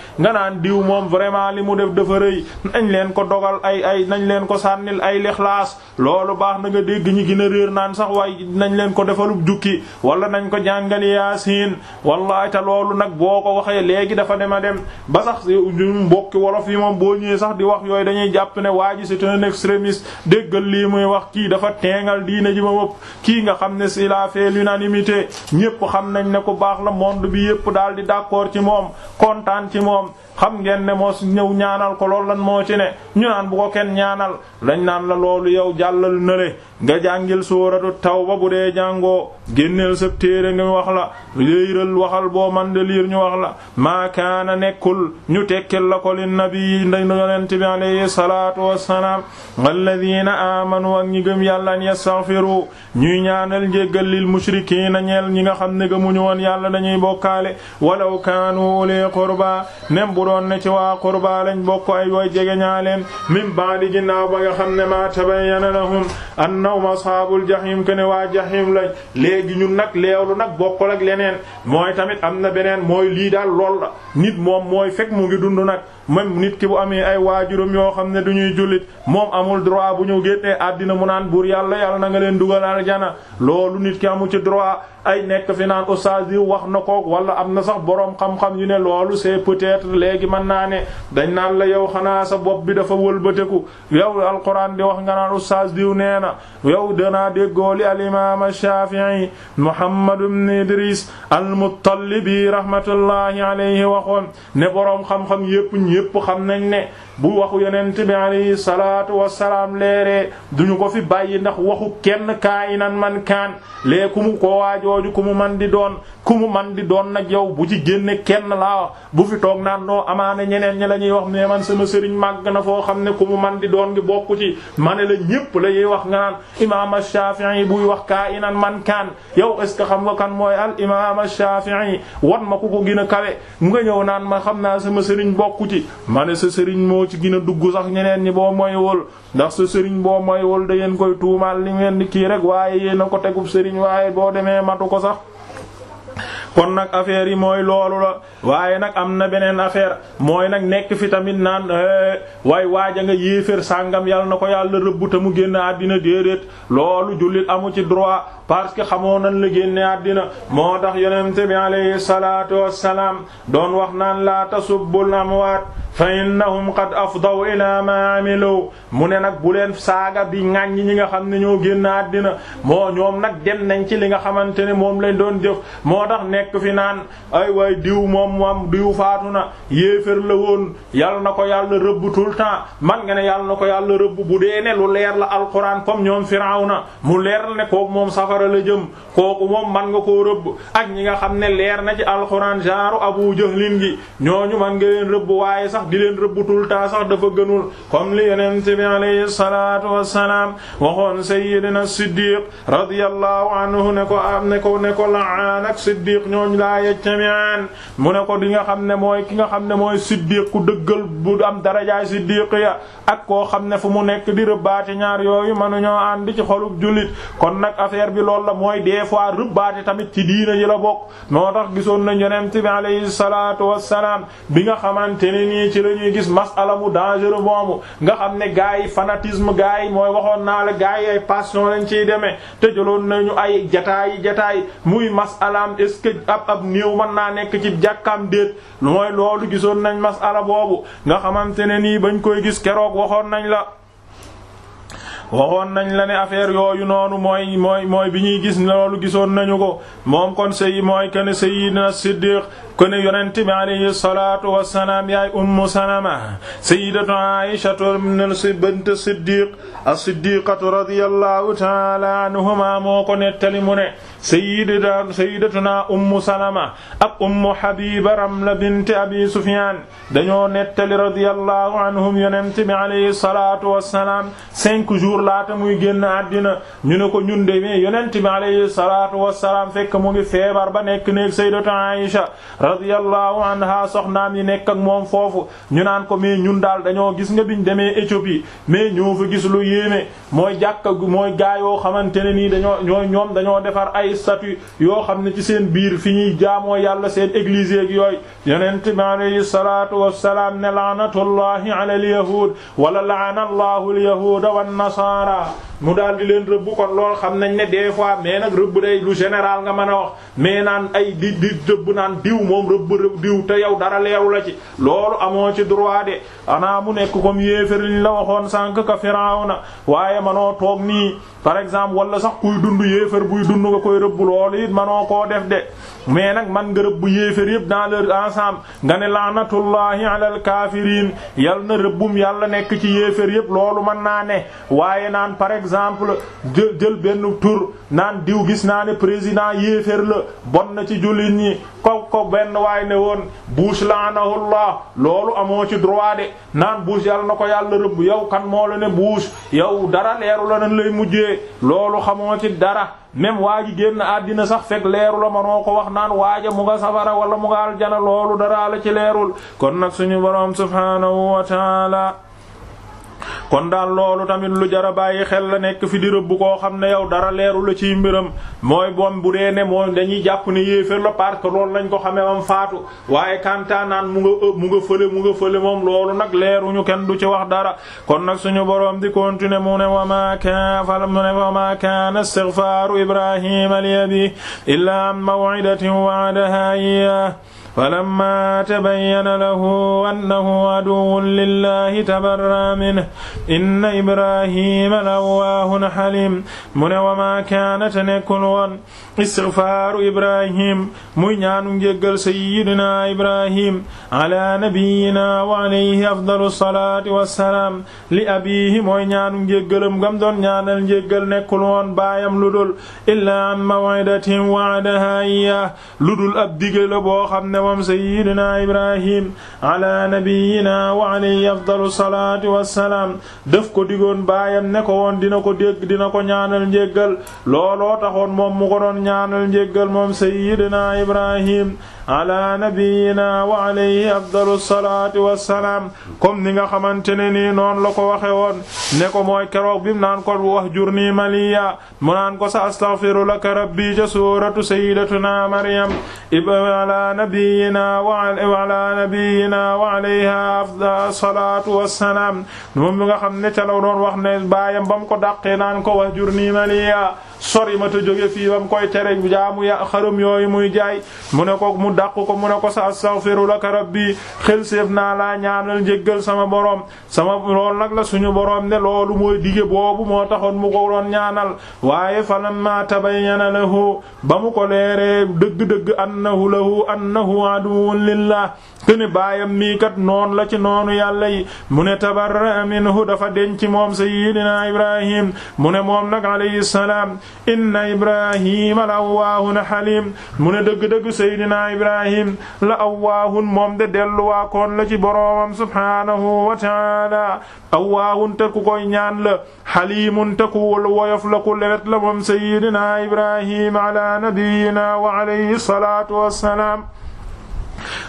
Speaker 1: vraiment li mu def dafa rëy nañ leen ko dogal ay ay nañ leen ko sànnil ay lixlaas loolu baax na nga dégg ñi gën a réer naan sax waaye nañ leen ko defalub jukki wala nañ ko jàngali yaasin wallahi te loolu nag boo ko waxee léegi dafa dema dem ba sax ñun mbokki wolof yi moom boo ñëwee sax di wax yooyu dañuy jàpp ne waa ji c'est un extrémiste déggal lii muy wax kii dafa teengal diine ji ma wëpp kii nga xam ne s'il a fait l'unanimité ñépp xam nañ ne ku baax la monde bi yépp daal di d'accord ci moom ñëw ñaanal ko loolu lan moo ci ne ñu naan bu ko kenn ñaanal lañ naan la loolu yow jàllal nale nga jàngil sooratu tawba bu dee jàngoo génneel sa téere nga wax la léeral waxal boo man de liir ñu la maa kaana nekkul ñu tekkil la ko lin nabi nda yonent bi alayhi salaatu wassalaam alladina aamanu ak ñi gëm yàlla an yastaghfiru ñuy ñaanal njéggal lil mushrikiina ñeel ñi nga xam ne gëmuñu woon yàlla dañuy bokkaale walaw kaanu uli qurba nem bu doon ne ci waa qurba qurba lañ bokk ay way jege ñaaleen min baadi ginnaaw ba nga xam ne maa tabayyana lahum annahum ashaabul jahim kene waa jahim lañ léegi ñun nag leewlu nag bokkul ak leneen mooy tamit am na beneen mooy lii daal lool la nit moom mooy fekk mu ngi dund nag même nit ki bu amee ay waajuram yoo xam ne du ñuy jullit moom amul droit bu ñu génnee àddina mu naan buur yàlla yàlla na leen dugal aljana loolu nit ki amu ci droit ay nekk fi naan oustaz yi wax na koog wala am na sax boroom xam-xam yu ne loolu c'est peut-être léegi mën naa ne dañ naan la yow xanaa sa bopp bi dafa wëlbateku yow alquran di wax nga naan oustaz diw nee na yow danaa déggoo li al imam Shafi'i Muhammad ibn Idris al-Muttalibi rahmatullahi alayhi waxoon ne boroom xam-xam yépp ñépp xam nañ ne bu waxu yonent bi alayhi salaatu wassalaam du ñu ko fi bàyyi ndax waxu kenn kaayinan man kaan lee ku mu ko waajooju ku mu man di doon ku mu man di doon nag yow bu ci génne kenn laa wax bu fi toog naan noo amaana ñeneen ñi la ñuy wax ne man sama sëriñ màgg na foo xam ne ku mu man di doon ngi bokku ci ma ne la ñépp la yiy wax nga naan imaam Shafi'i buy wax kaayinan man kaan yow est ce que xam nga kan mooy al imaam Shafi'i wan ma ku ko gën a kawe nga ñëw naan ma xam naa sama sëriñ ci gën a dugg sax ñeneen ñi boo moywul ndax sa sëriñ boo moywul da ngeen koy tuumaal li ngeen kii rek waaye yéen ko tegub sëriñ waaye boo demee matu ko sax kon nag affaire yi mooy loolu la waaye nag am na beneen affaire mooy nag nekk fi tamit naan eh, waay waaja nga yéefér sàngam yàlla na ko yàlla rëbb te mu génn àddina déedéet loolu jullit amu ci droit parce que xamoo nan la génne àddina moo tax yonente bi alayhi salaatu wassalaam doon wax naan laa tasubbul amwaat fa innahum qad afdaw ila ma amilu mu ne nag bu leen saaga di ŋàññi ñi nga xam ne ñoo génn àddina moo ñoom nag dem nañ ci li nga xamante ne moom lañ doon jëf moo tax nekk fi naan ay waay diw moom moom diw faatu na yéefér la woon yàlla na ko yàlla rëbb tout le man nga ne yàlla na ko yàlla rëbb bu dee ne lu leer la alquran comme ñoom Firawna safara la jëm kooku moom man nga koo rëbb ak ñi nga xam ne leer na ci alxuraan genre abu jahlin gi ñu man nga leen rëbb waaye sax di leen rëbb tout le temps sax dafa gënul comme li yonent bi alayhi salaatu wassalaam waxoon sayyidina siddiq radiyallahu anhu ne ko am ne ko ne ko la'aan ak siddiq ñooñu laa yajtami'aan mu ne ko di nga xam ne mooy ki nga xam ne mooy siddiq ku dëggal bu am darajaay siddiq ya ak koo xam ne fu mu nekk di rëbbaati ñaar yooyu ma ànd ci xolub gi loolu la mooy des fois rëbbaate tamit ci diina ji la bokk moo tax gisoon na yonent bi alayhi salaatu wassalaam bi nga xamante ne nii ci la ñuy gis masala mu dangereux moomu nga xam ne gars yi fanatisme gars yi mooy waxoon naa la gars yi ay passion lañ ciy demee te jëloon nañu ay jataay jataay muy masalaam est-ce que ab ab néew mën naa nekk ci jàkkaam déet mooy loolu gisoon nañ masala boobu nga xamante ne nii bañ koy gis keroog waxoon nañ la waxoon nañ la ne affaire yooyu noonu mooy mooy mooy bi ñuy gis loolu gisoon nañu ko moom kon sëy mooy ken sayyidina Siddiq kon yonent bi alayhi salaatu wassalaam yaay ummu salama sayyidatu Aisha bint Siddiq as-Siddiqatu radiyallahu ta'ala anhuma moo ko nettali mu ne sayyidina sayyidatuna ummu salama ak ummu habiba ramla bint abi sufyan dañoo nettali radiyallahu anhum yonent bi alayhi salaatu wassalaam cinq jours laata muy génn àddina ñu ne ko ñun de mais yonent bi alayhi salaatu wassalaam fekk mu feebar ba nekk néeg sayyidatuna aisha radiyallahu anha soxnaam yi nekk ak moom foofu ñu naan ko mais ñun daal dañoo gis nga biñ demee Éthiopie mais ñoo fa gis lu yéeme mooy jàkka mooy gaayoo xamante ne nii da ñooy ñoom dañoo defar ay ay statut yoo xam ne ci seen biir fi ñuy jaamoo yàlla seen église ak yooyu yonent bi alayhi salaatu wassalaam ne laanatullahi ala al yahuud wala laana allahu al yahuuda wan nasaara mu daal di leen rëbb kon lool xam nañ ne des fois mais nag rëbb day lu général nga mën a wax mais naan ay di di rëbb naan diw moom rëbb diw te yow dara leeru la ci loolu amoo ci droit de anaa mu nekk comme yéefér liñ la waxoon sànq ka Firawna waaye ma noo toog nii par exemple wala sax kuy dund yéefér buy dund nga koy rëbb loolu it noo koo def de mais nag man nga rëbb yéefér yëpp dans leur ensemble nga ne laanatullahi alal kaafiriin yal na rëbbum yàlla nekk ci yéefér yëpp loolu mën naa ne exemple jël jël benn tur naan diw gis naa ne président yéeféer la bon na ci jullit ñi ko ko benn waay ne woon la Bush laanahullah loolu amoo ci droit naan Bush yàlla na ko yàlla rëbb yow kan moo la ne Bush yow dara leeru la nan lay mujjee loolu xamoo ci dara même waa ji génn àddina sax fekk leeru la manoo ko wax naan waaja mu nga safara wala mu nga aljana loolu dara la ci leerul kon nag suñu boroom subhaanahu wa kon daal loolu tamit lu jara bàyyi xel la nekk fi di rëbb koo xam ne yow dara leeru la ciy mbiram mooy boom bu dee ne mooy dañuy jàpp ne yéefér la parce que loolu lañ ko xamee om faatu waaye kantaanaan mu nga mu fële mu nga fële moom loolu nag leeruñu kenn du ci wax dara kon nag suñu boroom di continuer mu ne wa ma kaana fa mu ne wa ma kaana istighfaaru ibrahima li abiihi falamma tabayyana lahu annahu aduwwun lillahi tabarra minhu inna ibrahima lawwaahun halim mu ne wa maa kaanat nekkul woon istighfaaru ibrahim muy ñaanu njéggal sayyidina ibrahim ala nabiyyina wa alayhi afdalu salaati wassalaam li abiihi mooy ñaanu njéggalam gam doon ñaanal njéggal nekkul woon baayam lu dul illaa an maw'idatin wa'adahaa iyyaahu lu dul ab digge la boo xam ne ndawam sayyidina ibrahim ala nabiyina wa alayhi afdalu salaatu wassalaam daf ko digoon baayam ne ko woon dina ko dégg dina ko ñaanal njéggal looloo taxoon moom mu ko doon ñaanal njéggal moom sayyidina ibrahim ala nabiyina wa alayhi afdalu salaatu wassalaam comme ni nga xamante ne nii noonu la ko waxe woon ne ko mooy keroog bi mu naan ko wax jurni maliya mu naan ko sa astaghfiru laka rabbi ca suuratu sayyidatuna maryam ibn ala nabi nabiyyina wa ala nabiyyina wa alayha afdal salaatu wassalaam moom mi nga xam ne ca la doon wax ne baayam ba mu ko dàqee naan ko wahjurni maliya sori ma te jóge fii ba mu koy tere jaamu ya xaram yooyu muy jaay mu ne ko mu dàq ko mu ne ko sa la laka rabbi xel séef naa laa ñaanal njéggal sama borom sama loolu nag la suñu borom ne loolu mooy dige boobu moo taxoon mu ko doon ñaanal waaye falamma tabayyana lahu ba mu ko leeree dëgg-dëgg annahu lahu annahu aduwwun lillah këne baayam mii kat noon la ci noonu yàlla yi mu ne tabarra minhu dafa denc moom sayyidina ibrahim mu ne moom nag alayhi salaam inna ibrahima la awwaahun halim mu ne dëgg-dëgg sayyidina ibrahim la awwaahun moom de delluwaakoon la ci boroomam subhaanahu wa taala awwaahun te ku ñaan la halimun te ku woyof la ku lewet la moom sayyidina ibrahim ala nabiyyina wa alayhi salaatu wassalaam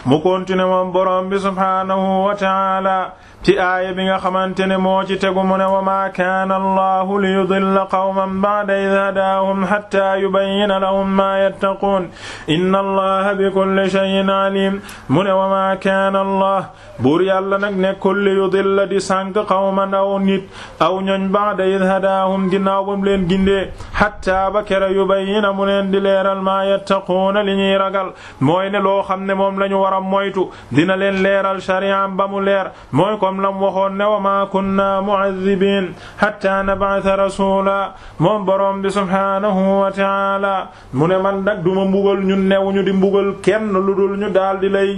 Speaker 1: mu kontine moom borom bi subhaanahu wa taala ci aaya bi nga xamante ne moo ci tegu mu ne wa maa kaana allahu li yudilla qawman ba'da id hadaahum hatta yubayyina lahum maa yattaquun inna allaha bi kulli shay'in alim mu ne wa maa kaana allah buur yàlla nag nekkul li yudilla di sànk xawman aw nit aw ñoñ ba id hadaahum ginnaaw bam leen gindee xattaa ba kera yubayyina mu leen di leeral maa yattaquuna li ñuy ragal mooy ne loo xam ne moom lañu ñu war a moytu dina leen leeral shari'am ba mu leer mooy comme lam waxoon ne wa maa kunna mu'adhibiin xattaa nab'atha rasuula moom boroom bi subhaanahu wa ta'aala mu ne man nag duma mbugal ñun newuñu di mbugal kenn lu dul ñu daal di lay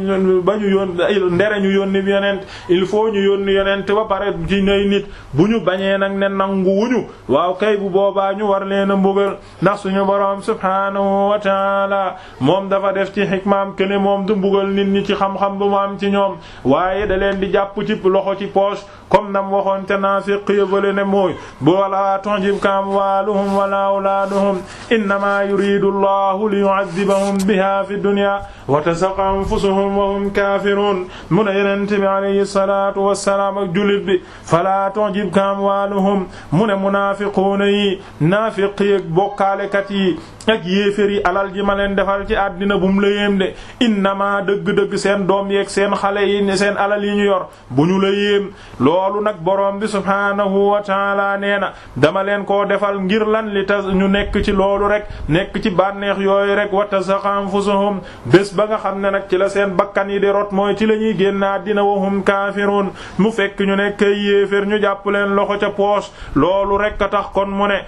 Speaker 1: bañu yoon ndere ñu yónni yonent il foo ñu yónni yonent ba pare ci nay nit bu ñu bañee nag ne nangu wuñu waaw kay bu boobaa ñu war leen a mbugal ndax suñu boroom subhaanahu wa taala moom dafa def ci xikmaam kene moom du mbugal nit ñi ci xam-xam bu mu am ci ñoom waaye da leen di jàpp ci loxo ci poche comme nam waxoon ca naafiq yëbale ne mooy bu walaa tujibka amwaaluhum walaa awlaaduhum innamaa yuridu allahu li yu'adhibahum biha fi dunya wa tazaqa anfusuhum wa hum kaafiruun mu ne yonent bi alayhi salaatu wassalaam ak jullit bi falaa tujibka amwaaluhum mu ne munaafiquuna yi naafiq yi bokkaalekat yi ak yéefér yi alal ji ma leen defal ci àddina bu mu la yéem de innama dëgg-dëgg seen doom yeeg seen xale yi seen alal yi ñu yor bu ñu la yéem loolu nag borom bi subhaanahu wa taala nee na dama leen koo defal ngir lan li tas ñu nekk ci loolu rek nekk ci bànneex yooyu rek wa tazhaqa anfusuhum bés ba nga xam ne nag ci la seen bakkan yi di rot mooy ci la ñuy génn àddina wahum kaafiruun mu fekk ñu nekk yéefér ñu jàpp leen loxo ca poos loolu rek tax kon mu ne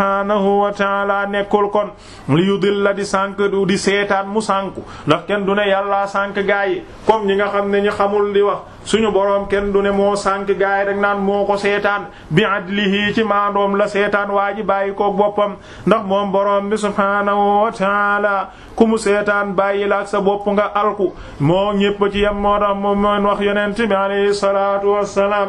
Speaker 1: subhaanahu wa taala nekkul kon li yudilla di sànq di seetaan mu sànku ndax kenn du ne yàllaa sànq gaa yi comme ñi nga xam ne ñu xamul di wax suñu boroom kenn du ne moo sànq gaa yi naan moo ko seetaan bi adlihi ci maandoom la seetaan waa ji bàyyi ko boppam ndax moom boroom bi subhaanahu wa taala ku mu seetaan bàyyi la ak sa bopp nga alku moo ñépp ci yam moo tax moom mooy wax yonent bi alayhi salaatu wassalaam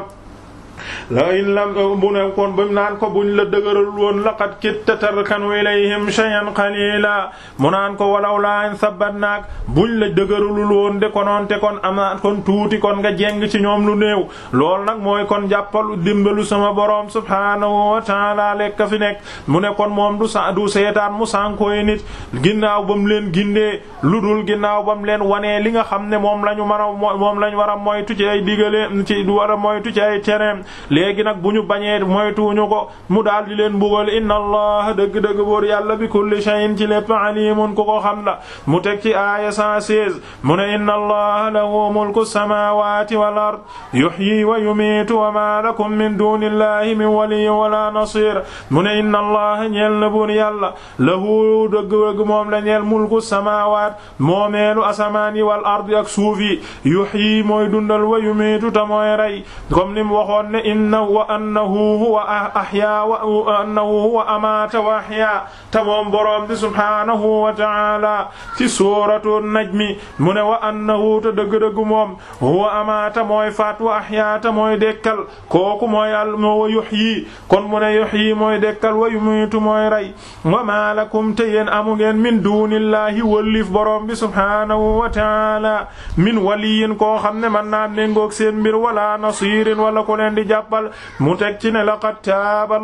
Speaker 1: la in lam euh, bu ne kon ba naan ko buñ la dëgëral woon laqad kitta tarkanu ilayhim shay'an qalila mu naan ko walaw laa an sabbatnaak buñ la dëgëralul woon de konoonte kon amaat kon tuuti kon nga jeng ci ñoom lu néew lool nag mooy kon jàppalu dimbalu sama boroom subhaanahu wa ta'ala lekk fi nekk mu ne kon moom du sa du seetaan mu sànkooy nit ginnaaw ba mu leen gindee lu dul ginnaaw ba mu leen wanee li nga xam ne moom la ñu mën a moom la ñu war a moytu ci ay digale ci war a moytu ci ay tereem léegi nag bu ñu moytu ñu ko mu daal di leen mbugal inna allah dëgg-dëgg boor yàlla bi kulli shay'in ci lépp alimun ku ko xam la mu teg ci aaya 116 mu ne inna allah lahu mulku samawati wal ard yuhyi wa yumiitu wa ma lakum min dunillahi min waliyyin wala nasir mu ne inna allah ñeel na boor yàlla lahu dëgg-dëgg moom la ñeel mulku samawat moomeelu asamaan yi wal ard ak suuf yi yuhyi mooy dundal wa yumiitu ta mooy rey comme ni mu waxoon ne inna wa annahu huwa ahya wa annahu huwa amaata wa ahya te moom boroom bi subhaanahu wa ta'ala ci suuratu najmi mu ne wa annahu te dëgg-dëgg moom huwa amaata mooy faat wa ahya te mooy dekkal kooku mooy al wa yuhyi kon mu yuhyi mooy dekkal wa yumiitu mooy rey wa maa lakum te yéen min duunillaahi wallif boroom bi subhaanahu wa ta'ala min waliyin koo xam man naa méngoog seen mbir wala wala ko di jàppal mu teg ci ne laqad taaba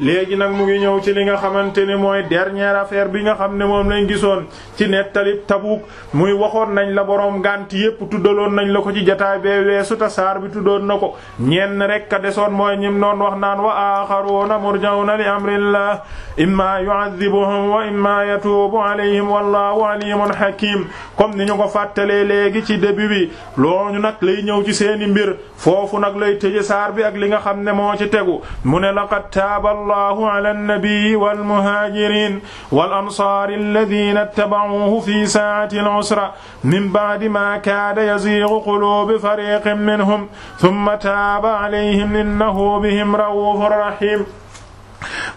Speaker 1: léegi nag mu ngi ñëw ci li nga xamante ne mooy dernière affaire bi nga xam ne moom lañ gisoon ci nettali Tabuk muy waxoon nañ la boroom ngànt yépp tuddaloon nañ la ko ci jotaay bee weesu saar bi tuddoon na ko ñenn rek ka desoon mooy ñim noon wax naan wa aaxaruuna murjawna li amrillah imma yu'adhibuhum wa imma yatuubu alayhim wallahu alimun hakim comme ni ñu ko fàttalee léegi ci début bi loolu nag lay ñëw ci seeni saar bi ak li nga xam ne moo ci tegu mu ne laqad taaba allahu ala annabii walmuhaajiriin wal ansaari alladina ittaba'uuhu fi saa'ati al-usra min ba'di maa kaada yaziigu quluubu fariiqin minhum thumma taaba alayhim innahu bihim ra'uufun rahiim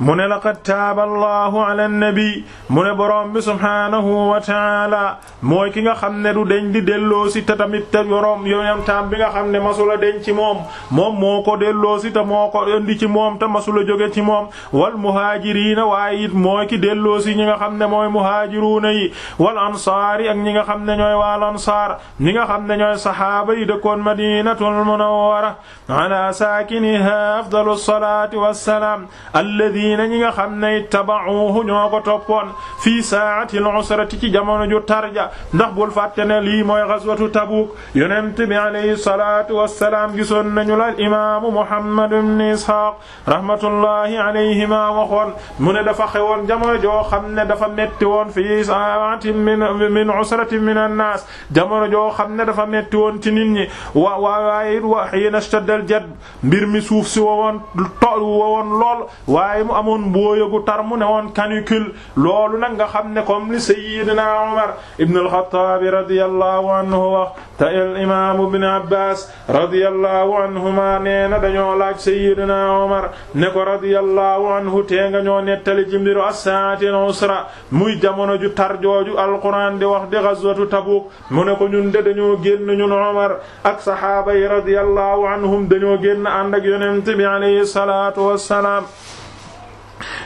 Speaker 1: mu ne laqad taaba allahu ala nabi mu ne borom bi subhaanahu wa taala mooy ki nga xam ne du deñ di delloo si te tamit te yorom yonentam bi nga xam ne masula deñ ci moom moom moo ko delloo si te moo ko indi ci moom te masula joge ci moom wal muhaajiriina waaye it mooy ki delloo si ñi nga xam ne mooy muhaajiruuna yi wal ansaar yi ak ñi nga xam ne ñooy wal ansaar ñi nga xam ne ñooy sahaaba yi dëkkoon madinatul munawwara ala saakiniha afdalu salaati salaa alladhi alladina ñi nga xam ne taba'uhu ñoo ko toppoon fii saatil usrati ci jamono ju tarja ndax bul fàtte ne lii mooy ghazwatu Tabuk yonent bi alayhi salaatu wassalaam gisoon nañu la imaamu Muhammad ibn Ishaq rahmatullahi alayhima waxoon mu ne dafa xewoon jamono joo xam ne dafa metti woon fii saatin min min usratin min annaas jamono joo xam ne dafa metti woon ci nit ñi wa waaye it wa hiina ishtadda al jadd mbir mi suuf si wowoon tol wowoon lool waaye mu amoon mbooya gu tar mu ne woon canicule loolu nag nga xam ne comme li sayyidina Umar ibn al-Khattab radiyallahu anhu wax te al imam ibn Abbas radiyallahu anhuma nee na dañoo laaj sayyidina Umar ne ko radiyallahu anhu tee nga ñoo nettali ci mbiru as-saatil usra muy jamono ju tar jooju alquran di wax di ghazwatu Tabuk mu ne ko ñun de dañoo génn ñun Umar ak sahaaba yi radiyallahu anhum dañoo génn ànd ak yonent bi alayhi salaatu wassalaam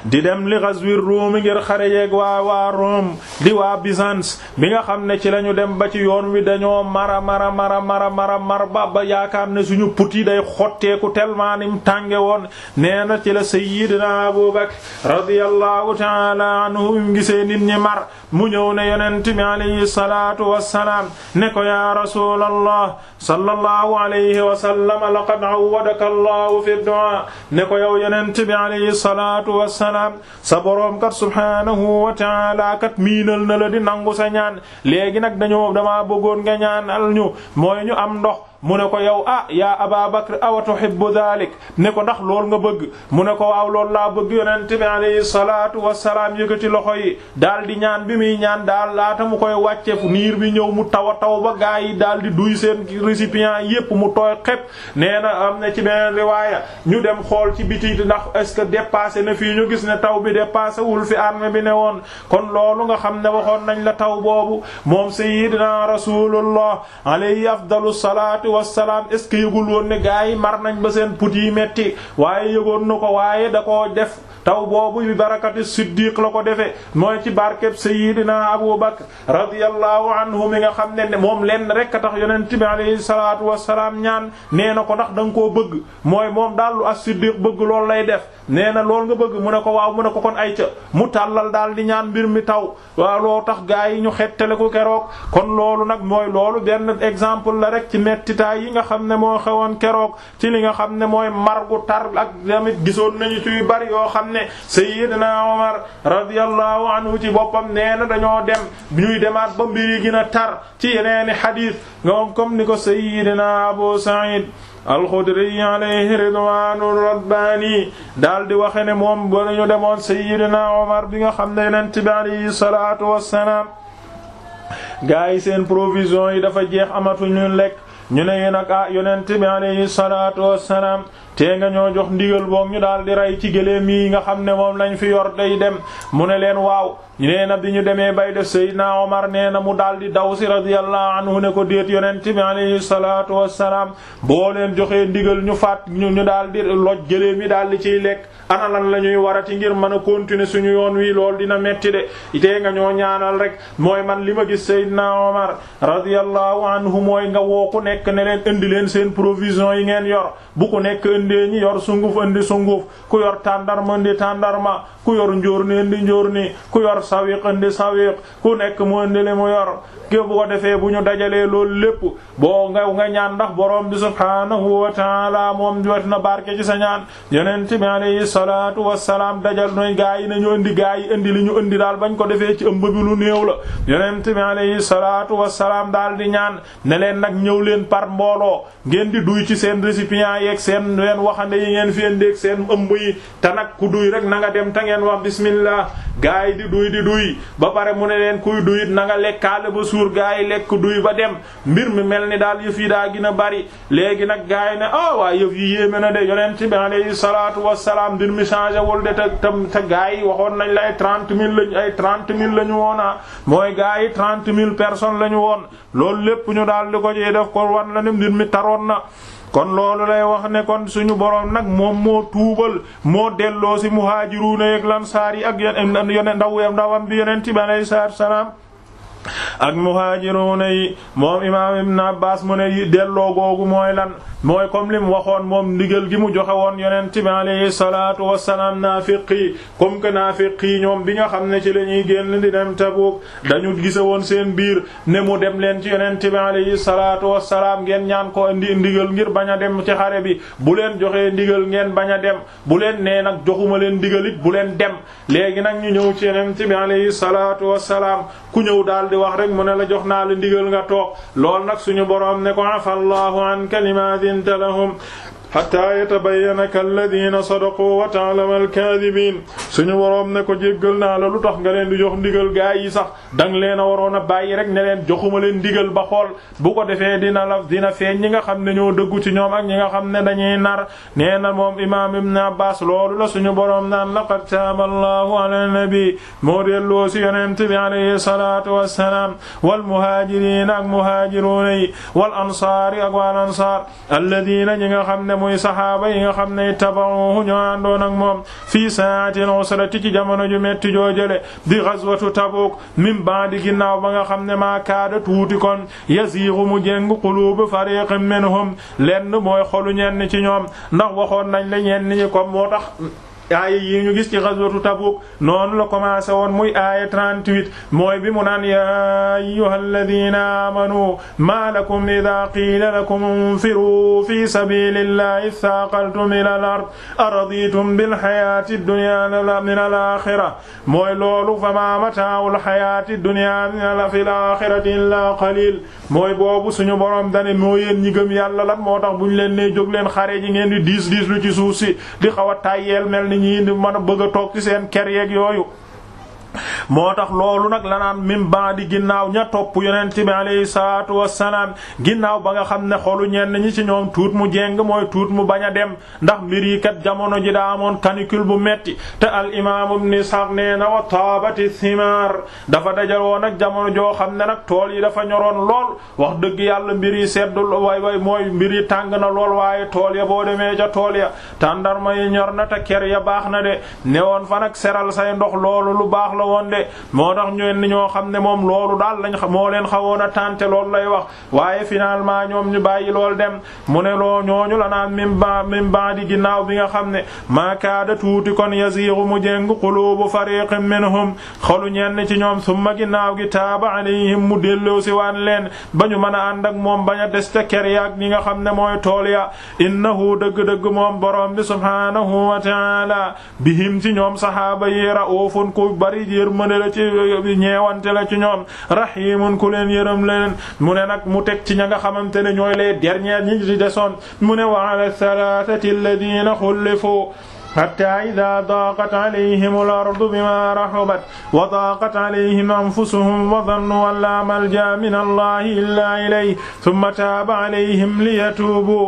Speaker 1: di dem li ghazwir ruum ngir xare yeeg waa waa Rome di waa Byzance bi nga xam ne ci lañu dem ba ci yoon wi dañoo mara mara mara mara mara mar ba ba yaakaar ne suñu put yi day xotteeku tellement nim tànge woon nee na ci la sayyidina Abu Bakr radiyallahu ta'ala anhu mu gisee nit ñi mar mu ñëw ne yonent bi alayhi salaatu wassalaam ne ko ya rasulallah sallallahu alayhi wa sallam laqad awwadaka Allahu fi du'a ne ko yow yonent bi alayhi salatu wassalaam sa boroom kat subhaanahu wa ta'ala kat miinal na la di nangu sa ñaan léegi nag dañoo damaa bëggoon nga ñaanal ñu mooy ñu am ndox mu ne ko yow ah yaa Aba Bakr awa tuhibbu dhalik ne ko ndax lool nga bëgg mu ne ko waaw lool laa bëgg yonent bi alayhi salaatu wassalaam yëkkati loxo yi daal di ñaan bi muy ñaan daal laata mu koy wàcce fu niir bi ñëw mu taw a taw ba gaa yi daal di duy seen récipient yépp mu tooy xep nee na am na ci beneen riwaaya ñu dem xool ci biti ndax est-ce que dépassé na fii ñu gis ne taw bi dépassé wul fi arme bi ne woon kon loolu nga xam ne waxoon nañ la taw boobu moom sayyidina wasalaam est ce yëgul woon ne gars yi mar nañ ba seen put yi metti waaye yëgoon na ko waaye da koo def taw boobu bi barakati siddiq la ko defee mooy ci barkeb sayyidina Abu Bakr radiyallahu anhu mi nga xam ne moom lenn rek a tax yonent bi alayhi salaatu wassalaam ñaan nee na ko ndax danga koo bëgg mooy moom daal lu as-siddiq bëgg loolu lay def nee na loolu nga bëgg mu ne ko waaw mu ne ko kon ay ca mu tàllal daal di ñaan mbir mi taw waaw loo tax gaa yi ñu xettale ko keroog kon loolu nag mooy loolu benn exemple la rek ci mettitaay yi nga xam ne moo xewoon keroog ci li nga xam ne mooy margu tar ne sayyidina Umar radiyallahu anhu ci boppam nee na dañoo dem ñuy demaat ba mbiri gina a tar ci yeneeni xadiis nga comme ni ko sayyidina Abu Sa'id alxudri alayhi ridwanu rabbani daal di waxe ne moom ba ñu demoon sayyidina Umar bi nga xam ne yonent bi alayhi salaatu wassalaam gaa yi seen provision yi dafa jeex amatuñu lekk ñu ne yéen ah, bi alayhi salaatu wassalaam tee nga ñoo jox ndigal boog ñu daal di rey ci gëléem yi nga xam ne moom lañ fi yor day dem mu ne leen waaw nee na bi ñu demee bay def Seydina Omar nee na mu daal di daw si radiyallahu anhu ne ko déet yonent bi alayhi salaatu wassalaam boo leen joxee ndigal ñu faat ñu ñu daal di loj gëléem yi daal di ciy lekk ana lan la ñuy warati ngir mën a continuer suñu yoon wi lool dina metti de itee nga ñoo ñaanal rek mooy man li ma gis Seydina Omar radiyallahu anhu mooy nga woo ku nekk ne leen indi leen seen provision yi ngeen yor bu ku nekk indee ñi yor sunguf indi sunguf ku yor tàndarma indi tàndarma ku yor njóor ni indi njóor ku yor sawiq indi sawiq ku nekk mu indi li mu yor képp ko defee bu ñu dajalee loolu lépp boo nga nga ñaan ndax borom bi subhaanahu wa taala moom wat na barke ci sa ñaan yonent bi alayhi salaatu wassalaam dajal noy gaa yi nañu indi gaa yi indi li ñu indi daal bañ ko defee ci ëmb bi lu néew la yonent bi alayhi salaatu wassalaam daal di ñaan ne leen nag ñëw leen par mbooloo ngeen di duy ci seen récipient yeeg seen leen waxande yi ngeen fi indi ak seen ëmb yi te nag ku rek na nga dem ta ngeen wax di duy ba pare mu ne leen kuy duyit na nga lekkaale ba suur gaa yi lekk duy ba dem mbir mi mel ni daal yëf yi daa gën bari léegi nag gaa yi ne ah waa yëf yi yéeme na de yonent bi alayhi salaatu wassalaam mbir mi changé wul de te te gaa yi waxoon nañ la ay trente mille ay trente mille lañu ñu woon ah mooy gaa yi trente mille personnes la woon loolu lépp ñu daal di ko jee def ko wan la ne mbir mi taroon na kon loolu lay wax ne kon suñu boroom nag moom moo tuubal moo delloo ci muhaajiruuna ak lansaar yi ak yeneen ndaw ndawam bi yonent bi alayhi salaam ak muhaajiruuna yi moom imaam ibn Abbaas mu ne delloo googu mooy lan mooy comme li mu waxoon moom ndigal gi mu joxe woon yonent bi alayhi salaatu wassalaam naafiq yi comme naa naafiq yi ñoom bi nga xam ne ci la ñuy génn di dem Tabuk dañu gise woon seen biir ne mu dem leen ci yonent bi alayhi salaatu wassalaam ngeen ñaan ko indi ndigal ngir bañ a dem ci xare bi bu leen joxee ndigal ngeen bañ a dem bu leen nee nag joxuma leen ndigal bu leen dem léegi nag ñu ñëw ci yonent bi alayhi ku ñëw daal di wax rek mu ne la jox naa la ndigal nga toog lool nag suñu boroom ne ko afallahu an kalimatin talahum xataa yatabayyana kalladina sadaqu wa ta'lama alkaadibiin suñu waroom ne ko jéggal naa la lu tax nga leen di jox ndigal gaay yi sax danga leen a waroon a bàyyi rek ne leen joxuma leen ndigal ba xool bu ko defee dina la dina feeñ ñi nga xam ne ñoo dëggu ci ñoom ak ñi nga xam ne dañuy nar nee na moom imaam ibn Abbaas loolu la suñu boroom naan laqad taaba Allahu ala nabi moo delloo si yonent bi alayhi salaatu wassalaam wal muhaajiriina ak muhaajiruuna yi wal ansaari ak wal ansaar alladina ñi nga xam ne muy saxaaba yi nga xam ne itabahu ñoo àndoon ak moom fii saatil usrati ci jamono ju metti joo jële di ghazwatu Tabuk min baadi ginnaaw ba nga xam ne maa kaada tuuti kon yaziiru mu jéng qulubu fariqin minhum lenn mooy xolu ñenn ci ñoom ndax waxoon nañ la ñenn ñi comme moo tax aaya yi ñu gis ci ghazwatu Tabuk noonu la commencé woon muy aaya 38 mooy bi mu naan ya ayyuhal ladina amanu ma lakum idha qila lakum infiru fi sabilillahi thaqaltum ila al-ard araditum bil hayati dunya min al-akhirah mooy loolu fama mata'ul hayati dunya fil akhirati illa qalil mooy boobu suñu borom dane moo yéen ñi gëm yàlla lan moo tax buñ leen ne jóg leen xare ji ngeen di diis diis lu ci suuf si di xaw a tayyeel mel ni ni ñii di mën a bëgg a toog ci seen ker yeeg yooyu moo tax loolu nag la lanaan mim ban di ginnaaw ña topp yonent bi alayhi salaatu wassalaam ginnaaw ba nga xam ne xolu ñenn ñi ci ñoom tuut mu jéng mooy tuut mu bañ a dem ndax mbir yi kat jamono ji daa amoon canicule bu metti te al imaam ibn Ishaq nee na wa taabati thimar dafa dajaloon nag jamono joo xam ne nag tool yi dafa ñoroon lool wax dëgg yàlla mbir yi seddul way mooy mbir yi tàng na lool waaye tool ya boo demee ca tool ya tàndarma yi ñor na te ker ya baax na de la woon de moo tax ñoom ñoo xam ne moom loolu daal lañ moo leen xawoon a tànte loolu lay wax waaye finalement ñoom ñu bàyyi lool dem mu ne loo ñooñu la naan mim ba mim ba di ginnaaw bi nga xam ne maakaada tuuti kon yaziiru mu jéng qulubu fariqin minhum xolu ñenn ci ñoom summa ginnaaw gi taaba alayhim mu delloo si waan leen ba ñu mën a ànd ak moom bañ a des ca kër ya ak nga xam ne mooy tool ya innahu dëgg-dëgg moom borom bi subhaanahu wa ta'ala bihim ci ñoom sahaaba yi ra'ufun yërmande la ci ñeewante la ci ñoom rahimun ku leen yërëm leen mu ne nag mu teg ci ña nga xamante ne ñooy les derniers ñi di desoon mu ne wa ala thalathati alladhina khulifu hatta idha daqat alayhim al-ardu bima rahabat wa daqat alayhim anfusuhum wa dhannu an la malja min allahi illa ilayhi thumma taaba alayhim liyatubu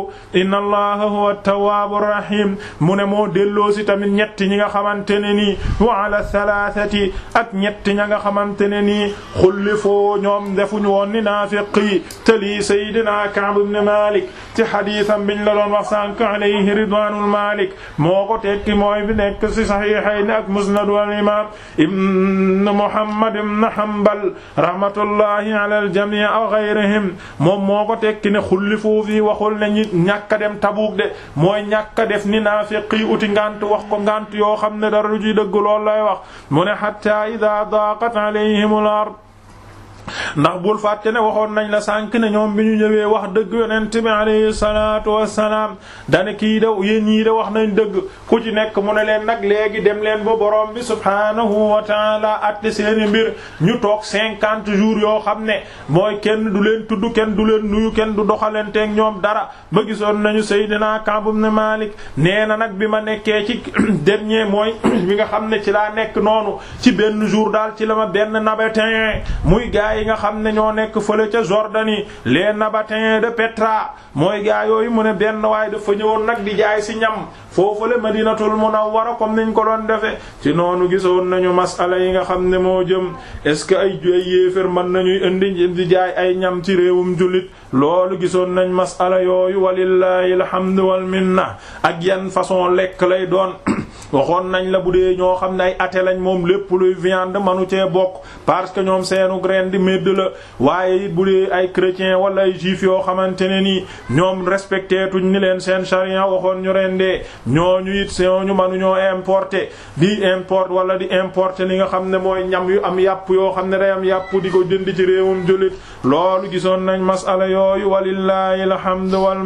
Speaker 1: inna allaha huwa at-tawwabur rahim mu ne moo delloo si tamit ñett ñi nga xamante ne nii wa ala thalathati ak ñett ña nga xamante ne nii xullifoo ñoom defuñu woon ni naafiq yi te lii sayyidina Ka'b ibn Malik ci hadiisam biñ la doon wax sànk alayhi ridwanul Malik moo ko njëkk mooy bi nekk ci saxiixayni ak musnad wal imaam ibn Muhammad ibn Hanbal rahmatullahi ala al-jamii aw ghayrihim moom moo ko tekki ne xullifu fii waxul ne ñi ñàkk a dem Tabuuk de mooy ñàkk a def ni naafiq yi uti ngant wax ko ngant yoo xam ne dara lu ciy dëgg lool lay wax mu ne hatta idaa daaqat alayhimul ard ndax bul fàtte ne waxoon nañ la sànk ne ñoom bi ñu ñëwee wax dëgg yonent bi alayhi salaatu wassalaam dane kii de yéen ñii de wax nañ dëgg ku ci nekk mu ne leen nag léegi dem leen ba borom bi subhaanahu wa taala atte seeni mbir ñu toog cinquante jours yoo xam ne mooy kenn du leen tudd kenn du leen nuyu kenn du doxalanteeg ñoom dara ba gisoon nañu Seydina Kaab ne Malik nee na nag bi ma nekkee ci *clears throat* dernier mooy *clears throat* bi nga xam ne ci laa nekk noonu ci benn jour daal ci la ma yi nga xam ne ñoo nekk fële ca Jordanie les nabatéens de Petra mooy gaa yooyu mu ne benn waaye dafa ñëwoon nag di jaay si ñam foofale Madinatul Munawwara comme niñ ko doon defee ci noonu gisoon nañu masala yi nga xam ne moo jëm est-ce que ay ay yéefér mën nañuy indi di jaay ay ñam ci réewum jullit loolu gisoon nañ masala yooyu walillahi alhamdu wal minna ak yan façon lekk lay doon *clears throat* waxoon nañ la bu dee ñoo xam ne ay até lañ moom lépp luy viande manu cee bokk parce que ñoom seenu graine di la waaye it bu ay chrétien wala ay juif yoo xamante ne nii ñoom respecté tuñ ni leen seen charia waxoon ñu rendee ñooñu it ñu manu ñoo importer di importe wala di importer li nga xam ne mooy ñam yu am yàpp yoo xam ne day am yàpp di ko jënd ci réewum jullit loolu gisoon nañ masala yooyu walillahi alhamdu wal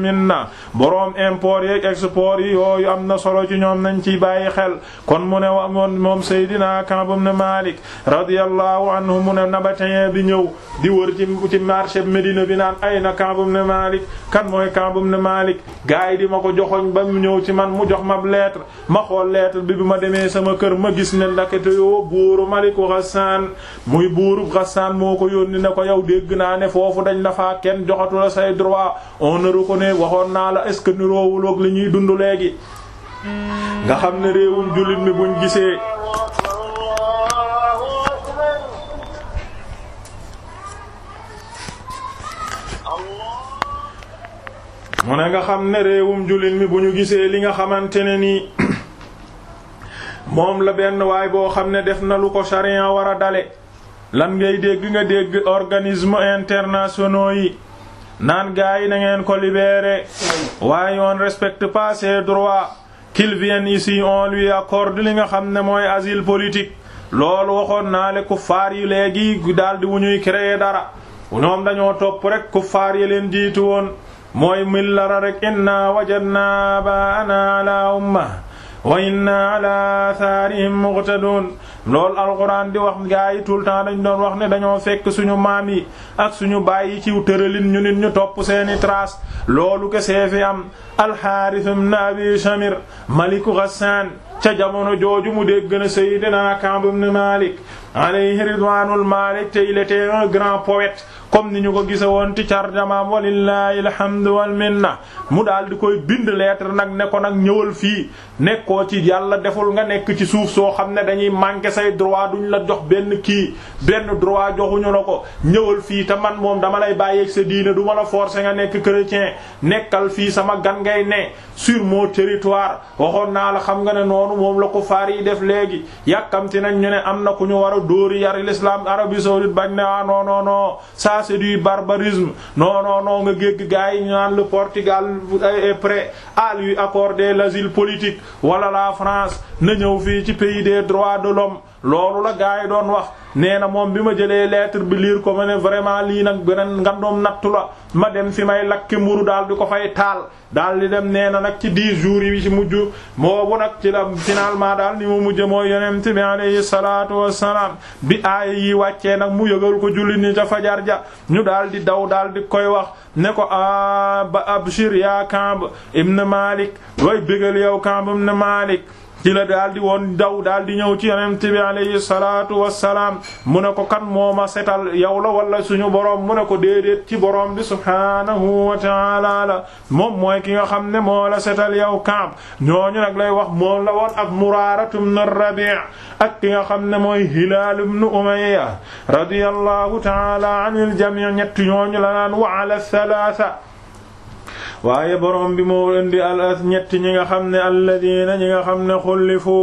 Speaker 1: boroom import yi yooyu am na solo ci xel kon mu ne moom moom Seydina Ka'b ibn Malik radiyallahu anhu mu ne nabatéen bi ñëw di wër ci ci marché Médina bi naan ay na Ka'b ibn Malik kan mooy Ka'b ibn Malik gars yi di ma ko joxoñ ba mu ñëw ci man mu jox ma lettre ma xool lettre bi bi ma demee sama kër ma gis ne ndakete yoo buuru Maliku Ghassan muy buuru Ghassan moo ko yónni ne ko yow dégg naa ne foofu dañ la faa kenn joxatu la say droit on ne reconnaît waxoon naa la est-ce que niroowul li ñuy dund léegi nga xam ne réewum jullit mi buñ gisee ne nga xam ne réewum jullit mi bu ñu gisee li nga xamante ne nii moom la benn waay boo xam ne def na lu ko charia war dale lan ngay dégg nga dégg organisme internationaux yi naan gars yi ko libéré waaye on respecte pas ses qu'il vienne ici on lui li nga xam ne mooy asile politique lool waxoon naa le kuffaar yi léegi daldi di wu ñuy créer dara ñoom dañoo topp rek kuffaar yi leen jiitu woon mooy mil lara rek inna wajadna baana ala umma wa inna ala athaarihim lool loolu alxuraan di wax gaa yi tout le temps dañ doon wax ne dañoo fekk suñu maam yi ak suñu baay yi ci tëralin ñu nit ñu topp seeni trace loolu kese fi am alxaaris ibn abi shamir maliku ghassan ca jamono jooju mu dégg na sayyidina Ka'b Malik alayhi ridwanul malik te il était un grand poète comme ni ñu ko gise woon ci tarjamaam walillahi alhamdu wal minna mu daal di koy bind lettre nag ne ko nag ñëwal fii nekkoo ci yàlla deful nga nekk ci suuf soo xam ne dañuy manqué say droit duñ la jox benn kii benn droit joxuñu la ko ñëwal fii te man moom dama lay bàyyeeg sa diine du ma la forcer nga nekk chrétien nekkal fii sama gan ngay ne sur mon territoire waxoon naa la xam nga ne noonu moom la ko faar yi def léegi yàkkamti nañ ñu am na ku ñu war dóori yari l'islam Arabie saoudite bañ ne no ah, non non non ça c'est du barbarisme non non non nga gégg gars yi le Portugal est prêt à lui accorder l'asile politique wala la France na ñëw fii ci pays des droits de l'homme loolu la gars yi doon wax nee na moom bi ma jëlee lettre bi liir ko ma ne vraiment lii nag beneen ngandoom nattu la ma dem fi may lakki mburu daal di ko fay taal daal di dem nee na nag ci dix jours yi ci mujj boobu nag ci la finalement daal ni mu mujj mooy yonent bi alayhi salaatu wassalaam bi aaya yi wàccee nag mu yëgal ko julli ni ca fajar ja ñu daal di daw daal di koy wax ne ko a ah, ba abshir ya Kaab Malik way bégal yow Kaab ibn Malik ci la daal di woon daw daal di ñëw ci yonent bi alayhi salaatu salaam mu ne ko kan moo ma setal yow la wala suñu borom mu ne ko déedéet ci borom bi subhaanahu wa ta'ala moom mooy ki nga xam ne moo la setal yow Kaab ñooñu nag lay wax moom la woon ak Muraaratu ibn Rabi' ak ki nga xam ne mooy Hilaal ibn Umayya radiyallahu ta'ala anil jami' ñett ñooñu la naan wa ala thalatha waaye boroom bi moo indi al as ñetti ñi nga xam ne alladina ñi nga xam ne xullifu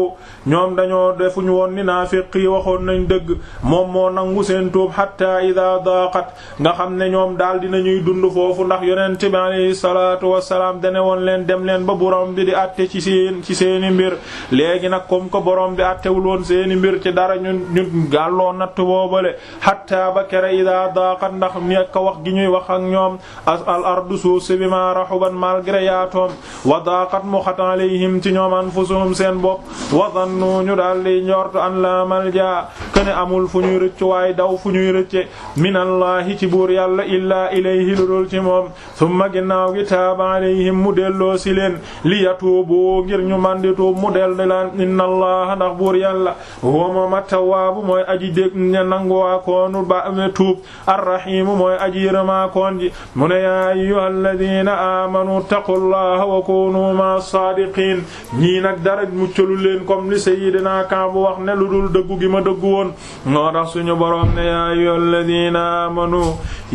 Speaker 1: ñoom dañoo defuñu woon ni naafiq yi waxoon nañ dëgg moom moo nangu seen tuub hatta ida daqat nga xam ne ñoom daal dinañuy dund foofu ndax yonent bi alayhi salaatu wassalaam dane woon leen demleen ba borom bi di atte ci seen ci seeni mbir léegi nag comme que borom bi attewul woon seeni mbir ci dara ñu ñun gàlloo natt boobale hatta ba kere ida daqat ndax ñekk wax gi ñuy wax ak ñoom al huban malgré yaatoom wa daqat mu xat alayhim ci ñoom anfusuhum seen bopp wa dhannu ñu daal di njort an la malja te ne amul fu ñuy rëcc waaye daw fu ñuy rëcce minallaahi ci buur yàlla illaa ilayhi lu dul ci moom summa ginnaaw gi taaba alayhim mu delloo si leen li yatuubu ngir ñu man di tuub mu del di laan inna allaha ndax buur yàlla huwa moom at-tawwaabu mooy aji dég ne nanguwaa koonu ba tuub arrahimu mooy aji yërëmaa koon ji mu ne yaa ayyuhal ladiina aamanu taqullaha wa kunu ma saadiqiin ñii nag dara muccalu leen comme li sayyidina Kaabu wax ne lu dul dëggu gi ma dëggu woon moom tax suñu boroom ne yaa ayyuhal ladina amanu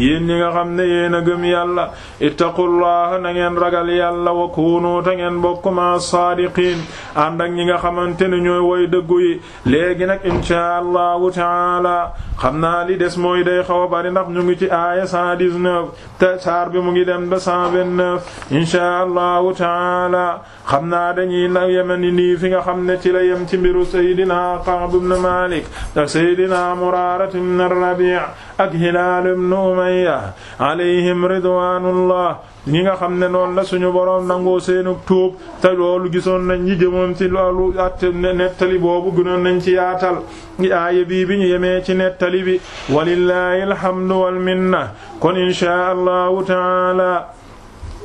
Speaker 1: yéen ñi nga xam ne yéen a gëm yàlla ittaqullaha na ngeen ragal yàlla wa kunu te ngeen bokk ma saadiqin ànd ak ñi nga xamante ne ñooy woy dëggu yi léegi nag inshaa allahu taala xam naa li des mooy day xaw a bari ndax ñu ngi ci aaya 119 te saar bi mu ngi dem ba 129 inshaa allahu taala xam naa dañuy na yemeni nii fi nga xam ne ci la yem ci mbiru saydina Ka'b ibn Malik ak saydina Muraarata ibn Rabi' ak Hilaal ibn Umayya alayhim ridwaanullah ñi nga xam ne noonu la suñu boroom nangoo seenu tuub te loolu gisoon nañ ñi jëmoon ci loolu at nettali boobu gënoon nañ ci yaatal i aaya bii bi ñu yemee ci nettali bi walillahi alhamdu wal minna kon inshaa allahu taala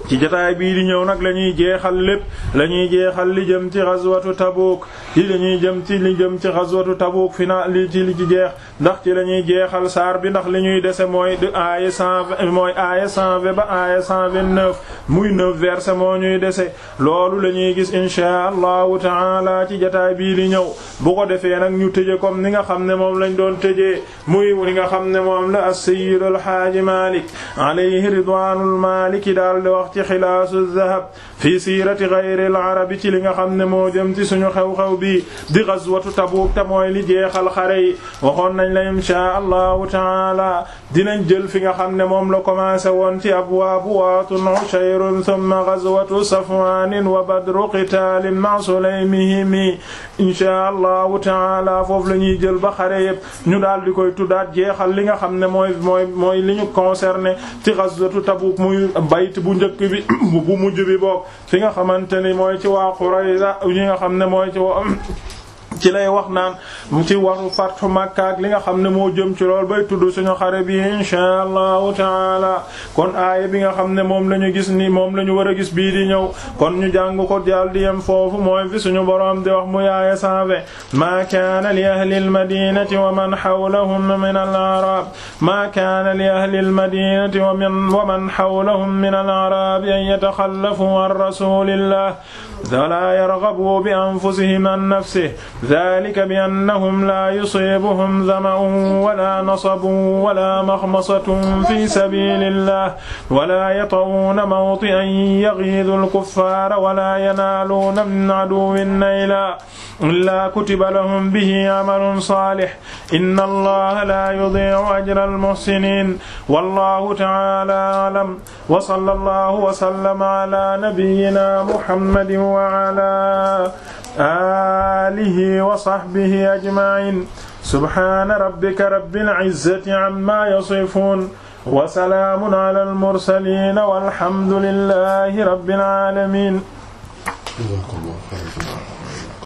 Speaker 1: ci jotaay bii di ñëw nag la ñuy jeexal lépp la ñuy jeexal li jëm ci ghazwatu Tabuk ci la ñuy jëm ci li jëm ci ghazwatu Tabuk fina li ci li ci jeex ndax ci la ñuy jeexal saar bi ndax li ñuy dese mooy de aaya mooy aaya cent vingt ba aaya cent vingt-neuf muy neuf verset moo ñuy dese loolu la ñuy gis inshaa allahu taala ci jotaay bii di ñëw bu ko defee nag ñu tëje comme ni nga xam ne moom lañ doon tëjee muy li nga xam ne moom la as-Sayyid al-Haaji Maalik alayhi ridwaanul Maalik daal di ci xilaasu zahab fii siirati gayril arabi ci li nga xam ne moo jëm ci suñu xew-xew bi di gazwatu Tabuuk te mooy li jeexal xare yi waxoon nañ la inshaa Allahu taala dinañ jël fi nga xam ne moom la commencé woon ci abwaabu waatun ushayrun thumma ghazwatu safwaanin wa badru qitaalin ma sulaymihimi inshaa allahu taala foofu la ñuy jël ba xare yépp ñu daal di koy tuddaat jeexal li nga xam ne mooy mooy mooy li ñu concerné ci ghazwatu Tabuk muy bayt bu njëkk bi *coughs* bu mujj bi boog fi nga xamante ni mooy ci waa Qurayza yi nga xam ne mooy ci wa ci lay wax naan mu ci waxu fathu Makka ak li nga xam ne moo jëm ci lool bay tudd suñu xare bi insha allahu taala kon aaya bi nga xam ne moom la ñu gis ni moom la war a gis bii di ñëw kon ñu jàng ko daal di yem foofu mooy fi suñu boroom di wax mu yaaya sanve maa kaana li ahli almadinati wa man hawlahum min al-arab maa kaana li ahli almadinati wa man hawlahum min al-arab an yatakhallafu an walaa yarghabu bi anfusihim an nafsihi dhalika bi annahum laa yusiibuhum dhama'un walaa nasabun walaa makhmasatun fi sabilillah walaa yata'uuna mawti'an yaghiidhu al-kuffaara walaa yanaaluuna min aduwwin naylaa illaa kutiba lahum bihi amalun saalih inna allaha laa yudii'u ajra almuhsiniin wallahu ta'ala a'lam wa sallallahu wa sallama ala nabiyyina muhammadin wa ala alihi wa sahbihi ajma'in subhana rabbika rabbil izzati amma yasifuun wa salaamun ala al-mursaliin walhamdulillahi rabbil aalamiin